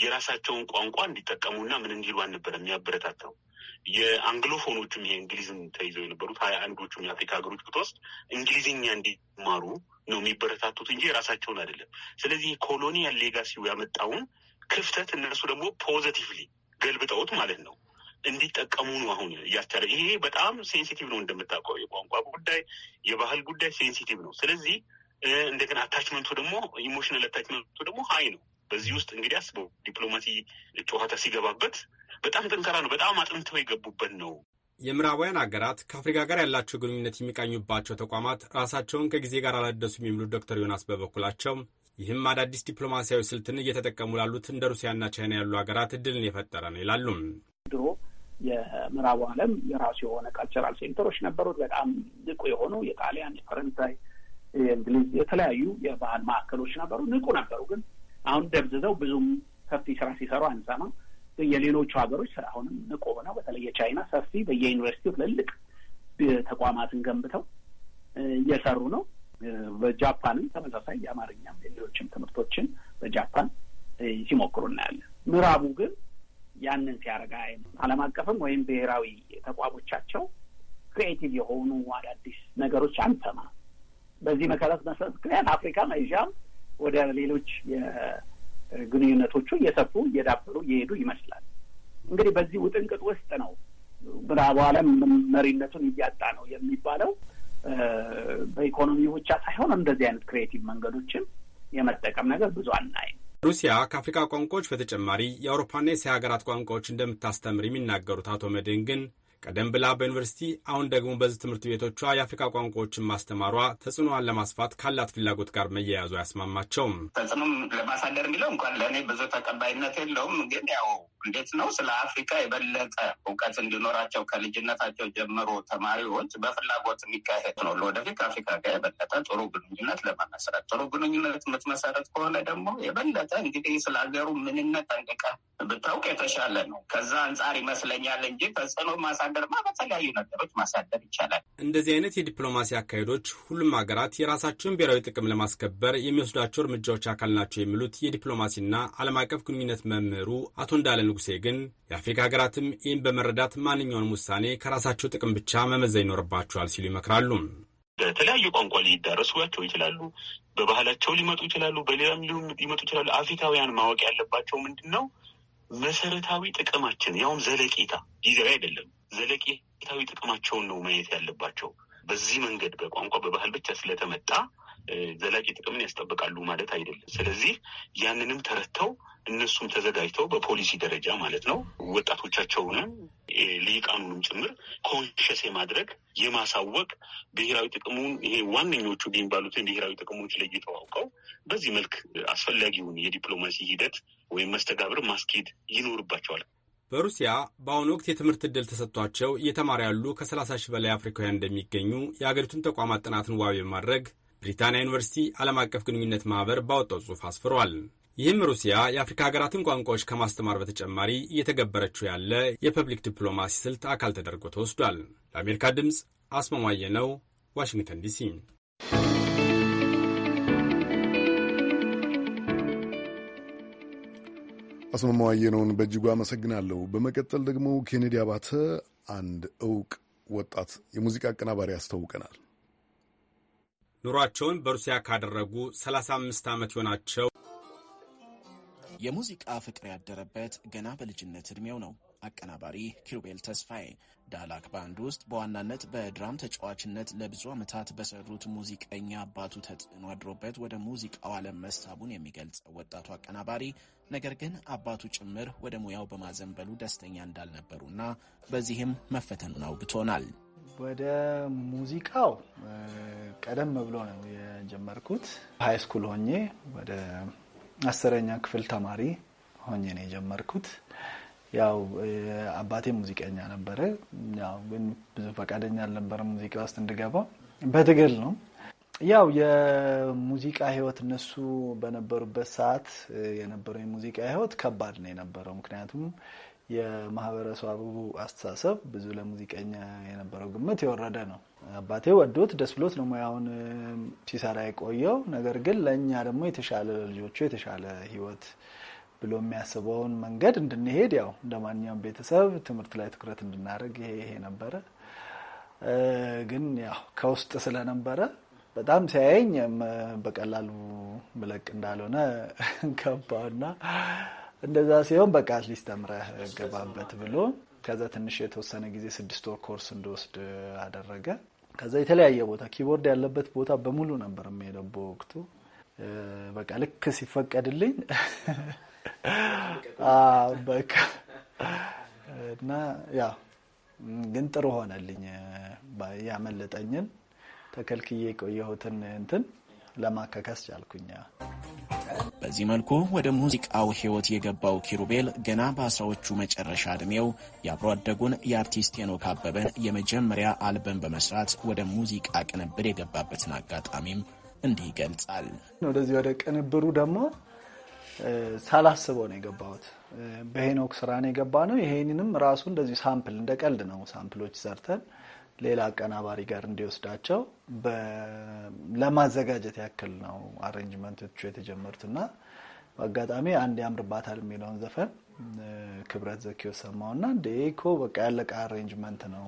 Speaker 16: የራሳቸውን ቋንቋ እንዲጠቀሙና ምን እንዲሉ አልነበረ የሚያበረታታው የአንግሎፎኖቹም ይሄ እንግሊዝን ተይዘው የነበሩት ሀያ አንዶቹም የአፍሪካ ሀገሮች ብትወስድ እንግሊዝኛ እንዲማሩ ነው የሚበረታቱት እንጂ የራሳቸውን አይደለም። ስለዚህ ኮሎኒያል ሌጋሲው ያመጣውን ክፍተት እነሱ ደግሞ ፖዘቲቭሊ ገልብጠውት ማለት ነው እንዲጠቀሙ ነው አሁን እያስቻለ። ይሄ በጣም ሴንሲቲቭ ነው እንደምታውቀው፣ የቋንቋ ጉዳይ፣ የባህል ጉዳይ ሴንሲቲቭ ነው። ስለዚህ እንደገና አታችመንቱ ደግሞ ኢሞሽናል አታችመንቱ ደግሞ ሀይ ነው። በዚህ ውስጥ እንግዲህ አስበው ዲፕሎማሲ ጨዋታ ሲገባበት በጣም ጠንከራ ነው። በጣም አጥንተው የገቡበት ነው።
Speaker 11: የምዕራባውያን ሀገራት ከአፍሪካ ጋር ያላቸው ግንኙነት የሚቃኙባቸው ተቋማት ራሳቸውን ከጊዜ ጋር አላደሱም የሚሉት ዶክተር ዮናስ በበኩላቸው ይህም አዳዲስ ዲፕሎማሲያዊ ስልትን እየተጠቀሙ ላሉት እንደ ሩሲያና ቻይና ያሉ ሀገራት እድልን የፈጠረ ነው ይላሉም።
Speaker 9: ድሮ የምዕራቡ ዓለም የራሱ የሆነ ካልቸራል ሴንተሮች ነበሩት። በጣም ንቁ የሆኑ የጣሊያን፣ የፈረንሳይ፣ የእንግሊዝ የተለያዩ የባህል ማዕከሎች ነበሩ፣ ንቁ ነበሩ። ግን አሁን ደብዝዘው ብዙም ሰፊ ስራ ሲሰሩ አንሰማም። የሌሎቹ ሀገሮች ስራ አሁንም ንቆ ሆነው በተለይ የቻይና ሰፊ በየዩኒቨርሲቲው ትልልቅ ተቋማትን ገንብተው እየሰሩ ነው። በጃፓንም ተመሳሳይ የአማርኛም የሌሎችም ትምህርቶችን በጃፓን ሲሞክሩ እናያለን። ምዕራቡ ግን ያንን ሲያደርግ ዓለም አቀፍም ወይም ብሔራዊ ተቋሞቻቸው ክሪኤቲቭ የሆኑ አዳዲስ ነገሮች አንሰማ። በዚህ መሰረት ምክንያት አፍሪካም ኤዥያም ወደ ሌሎች ግንኙነቶቹ እየሰፉ እየዳበሩ እየሄዱ ይመስላል። እንግዲህ በዚህ ውጥንቅጥ ውስጥ ነው ምዕራቡ ዓለም መሪነቱን እያጣ ነው የሚባለው። በኢኮኖሚ ብቻ ሳይሆን እንደዚህ አይነት ክሬቲቭ መንገዶችን የመጠቀም ነገር ብዙ አናይም።
Speaker 11: ሩሲያ ከአፍሪካ ቋንቋዎች በተጨማሪ የአውሮፓና የእስያ ሀገራት ቋንቋዎች እንደምታስተምር የሚናገሩት አቶ መድን ግን ቀደም ብላ በዩኒቨርሲቲ አሁን ደግሞ በዚህ ትምህርት ቤቶቿ የአፍሪካ ቋንቋዎችን ማስተማሯ ተጽዕኖዋን ለማስፋት ካላት ፍላጎት ጋር መያያዙ አያስማማቸውም።
Speaker 15: ተጽዕኖም ለማሳደር የሚለው እንኳን ለእኔ ብዙ ተቀባይነት የለውም ግን ያው እንዴት ነው ስለ አፍሪካ የበለጠ እውቀት እንዲኖራቸው ከልጅነታቸው ጀምሮ ተማሪዎች በፍላጎት የሚካሄድ ነው። ለወደፊት ከአፍሪካ ጋር የበለጠ ጥሩ ግንኙነት ለመመስረት ጥሩ ግንኙነት የምትመሰረት ከሆነ ደግሞ የበለጠ እንግዲህ ስለ ሀገሩ ምንነት ጠንቅቃ ብታውቅ የተሻለ ነው። ከዛ አንጻር ይመስለኛል እንጂ ተጽዕኖ ማሳደርማ በተለያዩ ነገሮች ማሳደር ይቻላል።
Speaker 11: እንደዚህ አይነት የዲፕሎማሲ አካሄዶች ሁሉም ሀገራት የራሳቸውን ብሔራዊ ጥቅም ለማስከበር የሚወስዷቸው እርምጃዎች አካል ናቸው የሚሉት የዲፕሎማሲና ዓለም አቀፍ ግንኙነት መምህሩ አቶ እንዳለ ንጉሴ ግን የአፍሪካ ሀገራትም ይህን በመረዳት ማንኛውንም ውሳኔ ከራሳቸው ጥቅም ብቻ መመዘን ይኖርባቸዋል ሲሉ ይመክራሉ።
Speaker 16: በተለያዩ ቋንቋ ሊዳረሱባቸው ይችላሉ። በባህላቸው ሊመጡ ይችላሉ። በሌላም ሊመጡ ይችላሉ። አፍሪካውያን ማወቅ ያለባቸው ምንድን ነው? መሰረታዊ ጥቅማችን ያውም ዘለቄታ ጊዜያዊ አይደለም፣ ዘለቄታዊ ጥቅማቸውን ነው ማየት ያለባቸው። በዚህ መንገድ በቋንቋ በባህል ብቻ ስለተመጣ ዘላቂ ጥቅምን ያስጠብቃሉ ማለት አይደለም። ስለዚህ ያንንም ተረድተው እነሱም ተዘጋጅተው በፖሊሲ ደረጃ ማለት ነው ወጣቶቻቸውንም ልሂቃኑንም ጭምር ኮንሸስ የማድረግ የማሳወቅ ብሔራዊ ጥቅሙን ይሄ ዋነኞቹ የሚባሉትን ብሔራዊ ጥቅሞች ለይተው አውቀው በዚህ መልክ አስፈላጊውን የዲፕሎማሲ ሂደት ወይም መስተጋብር ማስኬድ ይኖርባቸዋል።
Speaker 11: በሩሲያ በአሁኑ ወቅት የትምህርት ዕድል ተሰጥቷቸው እየተማሩ ያሉ ከ30 ሺህ በላይ አፍሪካውያን እንደሚገኙ የአገሪቱን ተቋማት ጥናትን ዋቢ በማድረግ ብሪታንያ ዩኒቨርሲቲ ዓለም አቀፍ ግንኙነት ማኅበር ባወጣው ጽሑፍ አስፍሯል። ይህም ሩሲያ የአፍሪካ ሀገራትን ቋንቋዎች ከማስተማር በተጨማሪ እየተገበረችው ያለ የፐብሊክ ዲፕሎማሲ ስልት አካል ተደርጎ ተወስዷል። ለአሜሪካ ድምፅ አስማማየ ነው፣ ዋሽንግተን ዲሲ።
Speaker 1: አስማማው ነውን በእጅጉ አመሰግናለሁ። በመቀጠል ደግሞ ኬኔዲ አባተ አንድ እውቅ ወጣት የሙዚቃ አቀናባሪ ያስተዋውቀናል።
Speaker 11: ኑሯቸውን በሩሲያ ካደረጉ 35 ዓመት ይሆናቸው።
Speaker 2: የሙዚቃ ፍቅር ያደረበት ገና በልጅነት ዕድሜው ነው። አቀናባሪ ኪሩቤል ተስፋዬ ዳላክ ባንድ ውስጥ በዋናነት በድራም ተጫዋችነት ለብዙ ዓመታት በሰሩት ሙዚቀኛ አባቱ ተጽዕኖ አድሮበት ወደ ሙዚቃው ዓለም መሳቡን የሚገልጸው ወጣቱ አቀናባሪ ነገር ግን አባቱ ጭምር ወደ ሙያው በማዘንበሉ ደስተኛ እንዳልነበሩና በዚህም መፈተኑን አውግቶናል።
Speaker 12: ወደ ሙዚቃው ቀደም ብሎ ነው የጀመርኩት።
Speaker 2: ሀይ ስኩል ሆኜ
Speaker 12: ወደ አስረኛ ክፍል ተማሪ ሆኜ ነው የጀመርኩት። ያው አባቴ ሙዚቀኛ ነበረ። ያው ግን ብዙ ፈቃደኛ አልነበረ ሙዚቃ ውስጥ እንድገባ በትግል ነው። ያው የሙዚቃ ህይወት እነሱ በነበሩበት ሰዓት የነበረው የሙዚቃ ህይወት ከባድ ነው የነበረው ምክንያቱም የማህበረሰቡ አስተሳሰብ ብዙ ለሙዚቀኛ የነበረው ግምት የወረደ ነው። አባቴ ወዶት ደስ ብሎት ነው ሙያውን ሲሰራ የቆየው። ነገር ግን ለእኛ ደግሞ የተሻለ ለልጆቹ የተሻለ ህይወት ብሎ የሚያስበውን መንገድ እንድንሄድ ያው እንደ ማንኛውም ቤተሰብ ትምህርት ላይ ትኩረት እንድናደርግ ይሄ ይሄ ነበረ። ግን ያው ከውስጥ ስለነበረ በጣም ሲያየኝ በቀላሉ ምለቅ እንዳልሆነ ገባውና እንደዛ ሲሆን በቃ አትሊስት ተምረህ ገባበት ብሎ ከዛ ትንሽ የተወሰነ ጊዜ ስድስት ወር ኮርስ እንደወስድ አደረገ። ከዛ የተለያየ ቦታ ኪቦርድ ያለበት ቦታ በሙሉ ነበር የሚሄደው በወቅቱ በቃ ልክ ሲፈቀድልኝ በቃ እና ያ ግን ጥሩ ሆነልኝ። ያመለጠኝን ተከልክዬ የቆየሁትን እንትን ለማከከስ ቻልኩኛ።
Speaker 2: በዚህ መልኩ ወደ ሙዚቃው ህይወት የገባው ኪሩቤል ገና በአስራዎቹ መጨረሻ ዕድሜው የአብሮ አደጉን የአርቲስት ሄኖክ አበበን የመጀመሪያ አልበም በመስራት ወደ ሙዚቃ ቅንብር የገባበትን አጋጣሚም እንዲህ ይገልጻል።
Speaker 12: ወደዚህ ወደ ቅንብሩ ደግሞ ሳላስበው ነው የገባሁት። በሄኖክ ስራ ነው የገባ ነው። ይሄንንም ራሱ እንደዚህ ሳምፕል እንደ ቀልድ ነው ሳምፕሎች ሰርተን ሌላ አቀናባሪ ጋር እንዲወስዳቸው ለማዘጋጀት ያክል ነው አሬንጅመንቶቹ የተጀመሩትና በአጋጣሚ አንድ ያምርባታል የሚለውን ዘፈን ክብረት ዘኪዮ ሰማው እና ኮ በቃ ያለቀ አሬንጅመንት ነው።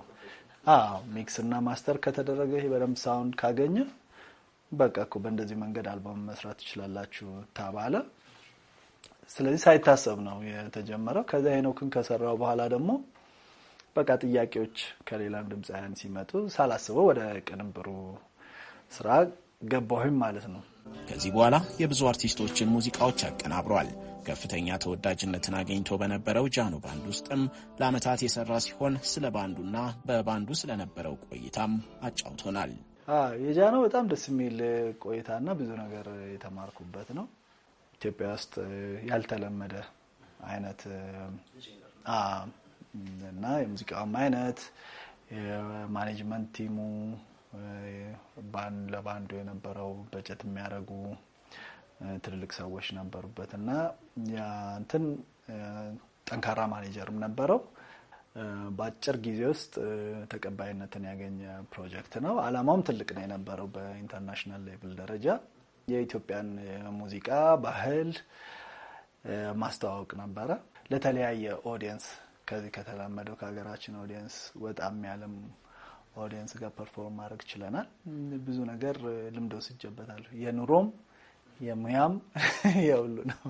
Speaker 12: አዎ ሚክስ እና ማስተር ከተደረገ ይሄ በደንብ ሳውንድ ካገኘ በቃ እኮ በእንደዚህ መንገድ አልበም መስራት ትችላላችሁ ተባለ። ስለዚህ ሳይታሰብ ነው የተጀመረው። ከዚያ ሄኖክን ከሰራው በኋላ ደግሞ በቃ ጥያቄዎች ከሌላም ድምፃውያን ሲመጡ ሳላስበው ወደ ቅንብሩ ስራ ገባሁም ማለት ነው።
Speaker 2: ከዚህ በኋላ የብዙ አርቲስቶችን ሙዚቃዎች አቀናብሯል። ከፍተኛ ተወዳጅነትን አግኝቶ በነበረው ጃኖ ባንድ ውስጥም ለዓመታት የሰራ ሲሆን ስለ ባንዱና በባንዱ ስለነበረው ቆይታም አጫውቶናል።
Speaker 12: የጃኖ በጣም ደስ የሚል ቆይታና ብዙ ነገር የተማርኩበት ነው። ኢትዮጵያ ውስጥ ያልተለመደ አይነት እና የሙዚቃውም አይነት የማኔጅመንት ቲሙ ለባንዱ የነበረው በጀት የሚያደርጉ ትልልቅ ሰዎች ነበሩበት እና እንትን ጠንካራ ማኔጀርም ነበረው። በአጭር ጊዜ ውስጥ ተቀባይነትን ያገኘ ፕሮጀክት ነው። አላማውም ትልቅ ነው የነበረው። በኢንተርናሽናል ሌቭል ደረጃ የኢትዮጵያን ሙዚቃ ባህል ማስተዋወቅ ነበረ ለተለያየ ኦዲየንስ ከዚህ ከተላመደው ከሀገራችን ኦዲየንስ ወጣም ያለም ኦዲየንስ ጋር ፐርፎርም ማድረግ ችለናል። ብዙ ነገር ልምድ ወስጄበታለሁ። የኑሮም
Speaker 2: የሙያም የሁሉ ነው።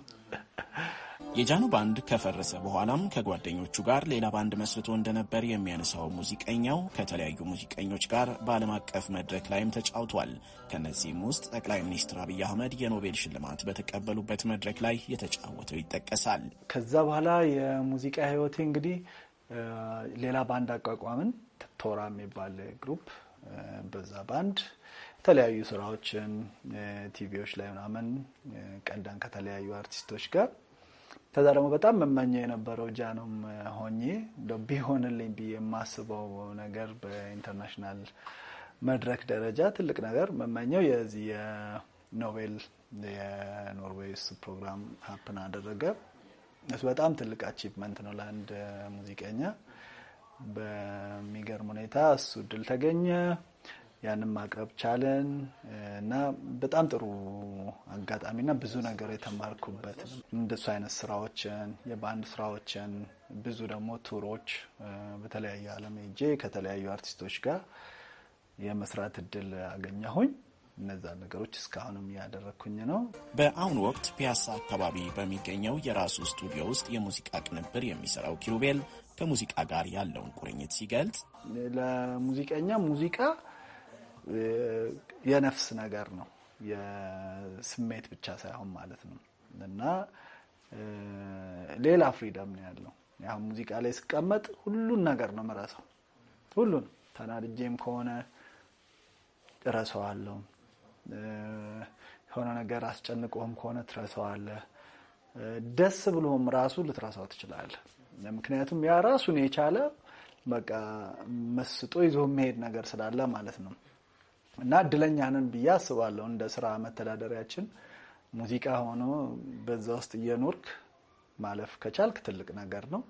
Speaker 2: የጃኑ ባንድ ከፈረሰ በኋላም ከጓደኞቹ ጋር ሌላ ባንድ መስርቶ እንደነበር የሚያነሳው ሙዚቀኛው ከተለያዩ ሙዚቀኞች ጋር በዓለም አቀፍ መድረክ ላይም ተጫውቷል። ከእነዚህም ውስጥ ጠቅላይ ሚኒስትር አብይ አህመድ የኖቤል ሽልማት በተቀበሉበት መድረክ ላይ የተጫወተው ይጠቀሳል።
Speaker 12: ከዛ በኋላ የሙዚቃ ህይወቴ እንግዲህ ሌላ ባንድ አቋቋምን። ቶራ የሚባል ግሩፕ በዛ ባንድ የተለያዩ ስራዎችን ቲቪዎች ላይ ምናምን ቀዳን ከተለያዩ አርቲስቶች ጋር። ከዛ ደግሞ በጣም መመኘው የነበረው ጃኖም ሆኜ ቢሆንልኝ ብዬ የማስበው ነገር በኢንተርናሽናል መድረክ ደረጃ ትልቅ ነገር መመኘው የዚህ የኖቤል የኖርዌይስ ፕሮግራም ሀፕን አደረገ። እሱ በጣም ትልቅ አቺቭመንት ነው ለአንድ ሙዚቀኛ። በሚገርም ሁኔታ እሱ እድል ተገኘ። ያንን ማቅረብ ቻለን እና በጣም ጥሩ አጋጣሚ እና ብዙ ነገር የተማርኩበት እንደሱ አይነት ስራዎችን የባንድ ስራዎችን ብዙ ደግሞ ቱሮች በተለያየ ዓለም ሄጄ ከተለያዩ አርቲስቶች ጋር
Speaker 2: የመስራት እድል አገኘሁኝ። እነዛ ነገሮች እስካሁንም እያደረግኩኝ ነው። በአሁኑ ወቅት ፒያሳ አካባቢ በሚገኘው የራሱ ስቱዲዮ ውስጥ የሙዚቃ ቅንብር የሚሰራው ኪሩቤል ከሙዚቃ ጋር ያለውን ቁርኝት ሲገልጽ ለሙዚቀኛ ሙዚቃ የነፍስ ነገር ነው፣ የስሜት ብቻ
Speaker 12: ሳይሆን ማለት ነው እና ሌላ ፍሪደም ነው ያለው። ያ ሙዚቃ ላይ ስቀመጥ ሁሉን ነገር ነው የምረሳው። ሁሉን ተናድጄም ከሆነ እረሳዋለሁ። የሆነ ነገር አስጨንቆም ከሆነ ትረሳዋለህ። ደስ ብሎም ራሱ ልትረሳው ትችላለህ። ምክንያቱም ያ ራሱን የቻለ በቃ መስጦ ይዞ መሄድ ነገር ስላለ ማለት ነው። እና እድለኛንን ብዬ አስባለሁ። እንደ ስራ መተዳደሪያችን ሙዚቃ ሆኖ በዛ ውስጥ እየኖርክ ማለፍ ከቻልክ ትልቅ ነገር ነው።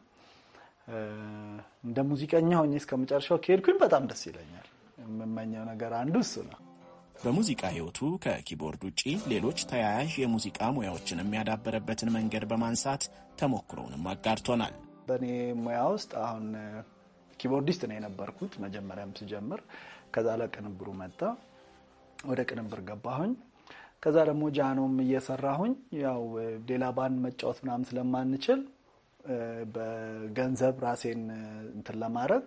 Speaker 12: እንደ ሙዚቀኛ ሆኜ እስከ መጨረሻው ከሄድኩኝ በጣም ደስ ይለኛል።
Speaker 2: የምመኘው ነገር አንዱ እሱ ነው። በሙዚቃ ህይወቱ ከኪቦርድ ውጪ ሌሎች ተያያዥ የሙዚቃ ሙያዎችን የሚያዳበረበትን መንገድ በማንሳት ተሞክሮውንም አጋርቶናል።
Speaker 12: በእኔ ሙያ ውስጥ አሁን ኪቦርዲስት ነው የነበርኩት መጀመሪያም ስጀምር ከዛ ለቅንብሩ መጣ፣ ወደ ቅንብር ገባሁኝ። ከዛ ደግሞ ጃኖም እየሰራሁኝ ያው ሌላ ባንድ መጫወት ምናምን ስለማንችል በገንዘብ ራሴን እንትን ለማድረግ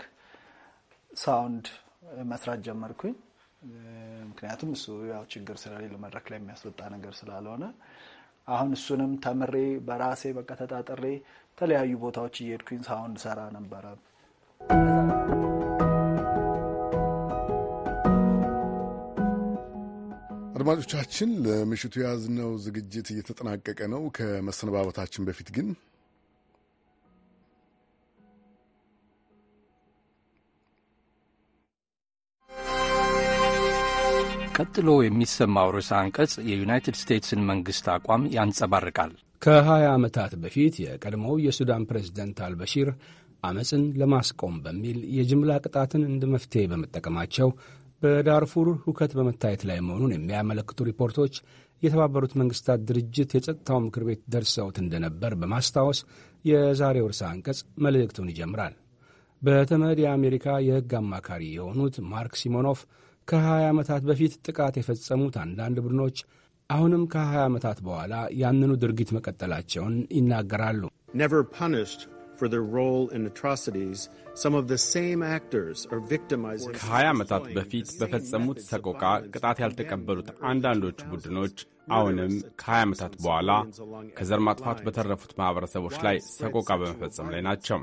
Speaker 12: ሳውንድ መስራት ጀመርኩኝ። ምክንያቱም እሱ ያው ችግር ስለሌለ መድረክ ላይ የሚያስወጣ ነገር ስላልሆነ አሁን እሱንም ተምሬ በራሴ በቃ ተጣጥሬ የተለያዩ ቦታዎች እየሄድኩኝ ሳውንድ ሰራ ነበረ።
Speaker 1: አድማጮቻችን ለምሽቱ የያዝነው ዝግጅት እየተጠናቀቀ ነው። ከመሰነባበታችን በፊት ግን
Speaker 4: ቀጥሎ የሚሰማው ርዕሰ አንቀጽ የዩናይትድ ስቴትስን መንግሥት አቋም ያንጸባርቃል። ከ20 ዓመታት በፊት የቀድሞው የሱዳን ፕሬዝደንት አልበሺር አመፅን ለማስቆም በሚል የጅምላ ቅጣትን እንደ መፍትሄ በመጠቀማቸው በዳርፉር ሁከት በመታየት ላይ መሆኑን የሚያመለክቱ ሪፖርቶች የተባበሩት መንግስታት ድርጅት የጸጥታው ምክር ቤት ደርሰውት እንደነበር በማስታወስ የዛሬው ርዕሰ አንቀጽ መልእክቱን ይጀምራል። በተመድ የአሜሪካ የሕግ አማካሪ የሆኑት ማርክ ሲሞኖፍ ከ20 ዓመታት በፊት ጥቃት የፈጸሙት አንዳንድ ቡድኖች አሁንም ከ20 ዓመታት በኋላ ያንኑ ድርጊት መቀጠላቸውን ይናገራሉ።
Speaker 16: ከ20
Speaker 11: ዓመታት በፊት በፈጸሙት ሰቆቃ ቅጣት ያልተቀበሉት አንዳንዶቹ ቡድኖች አሁንም ከ20 ዓመታት በኋላ ከዘር ማጥፋት በተረፉት ማኅበረሰቦች ላይ ሰቆቃ በመፈጸም ላይ ናቸው።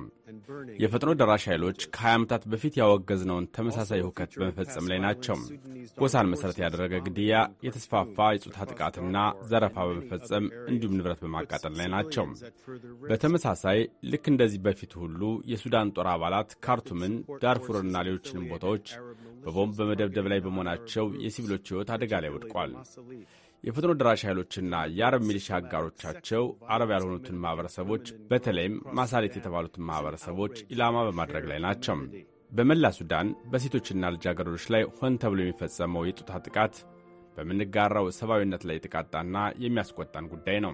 Speaker 11: የፈጥኖ ደራሽ ኃይሎች ከ20 ዓመታት በፊት ያወገዝነውን ተመሳሳይ ሁከት በመፈጸም ላይ ናቸው። ጎሳን መሠረት ያደረገ ግድያ፣ የተስፋፋ የጾታ ጥቃትና ዘረፋ በመፈጸም እንዲሁም ንብረት በማቃጠል ላይ ናቸው። በተመሳሳይ ልክ እንደዚህ በፊት ሁሉ የሱዳን ጦር አባላት ሰዓት ካርቱምን፣ ዳርፉርና ሌሎችንም ቦታዎች በቦምብ በመደብደብ ላይ በመሆናቸው የሲቪሎች ሕይወት አደጋ ላይ ወድቋል። የፈጥኖ ደራሽ ኃይሎችና የአረብ ሚሊሻ አጋሮቻቸው አረብ ያልሆኑትን ማኅበረሰቦች በተለይም ማሳሌት የተባሉትን ማኅበረሰቦች ኢላማ በማድረግ ላይ ናቸው። በመላ ሱዳን በሴቶችና ልጃገረዶች ላይ ሆን ተብሎ የሚፈጸመው የጡታ ጥቃት በምንጋራው ሰብአዊነት ላይ የተቃጣና የሚያስቆጣን ጉዳይ ነው።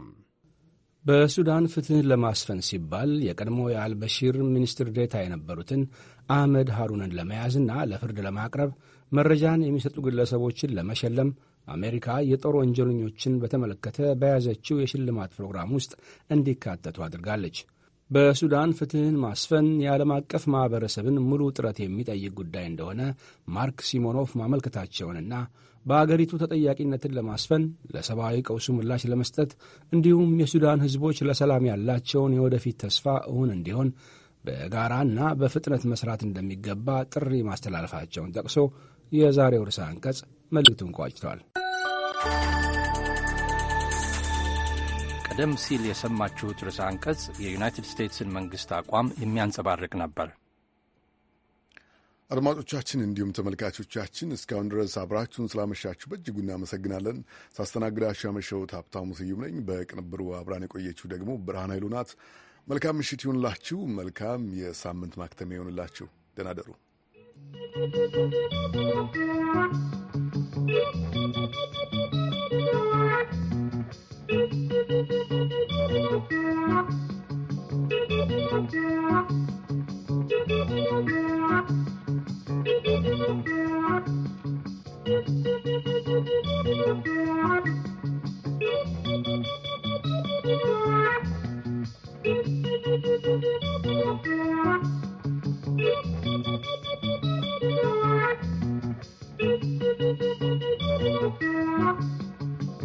Speaker 4: በሱዳን ፍትህን ለማስፈን ሲባል የቀድሞ የአልበሺር ሚኒስትር ዴታ የነበሩትን አህመድ ሐሩንን ለመያዝና ለፍርድ ለማቅረብ መረጃን የሚሰጡ ግለሰቦችን ለመሸለም አሜሪካ የጦር ወንጀለኞችን በተመለከተ በያዘችው የሽልማት ፕሮግራም ውስጥ እንዲካተቱ አድርጋለች። በሱዳን ፍትህን ማስፈን የዓለም አቀፍ ማኅበረሰብን ሙሉ ጥረት የሚጠይቅ ጉዳይ እንደሆነ ማርክ ሲሞኖቭ ማመልከታቸውንና በአገሪቱ ተጠያቂነትን ለማስፈን ለሰብአዊ ቀውሱ ምላሽ ለመስጠት እንዲሁም የሱዳን ሕዝቦች ለሰላም ያላቸውን የወደፊት ተስፋ እውን እንዲሆን በጋራና በፍጥነት መሥራት እንደሚገባ ጥሪ ማስተላለፋቸውን ጠቅሶ የዛሬው ርዕሰ አንቀጽ መልእክቱን ቋጭቷል። ቀደም ሲል የሰማችሁት ርዕሰ አንቀጽ የዩናይትድ ስቴትስን መንግሥት አቋም
Speaker 11: የሚያንጸባርቅ ነበር።
Speaker 1: አድማጮቻችን እንዲሁም ተመልካቾቻችን እስካሁን ድረስ አብራችሁን ስላመሻችሁ በእጅጉ እናመሰግናለን። ሳስተናግዳችሁ ያመሸሁት ሀብታሙ ስዩም ነኝ። በቅንብሩ አብራን የቆየችው ደግሞ ብርሃን ኃይሉ ናት። መልካም ምሽት ይሁንላችሁ። መልካም የሳምንት ማክተሚያ ይሁንላችሁ። ደህና ደሩ።
Speaker 2: Thank you.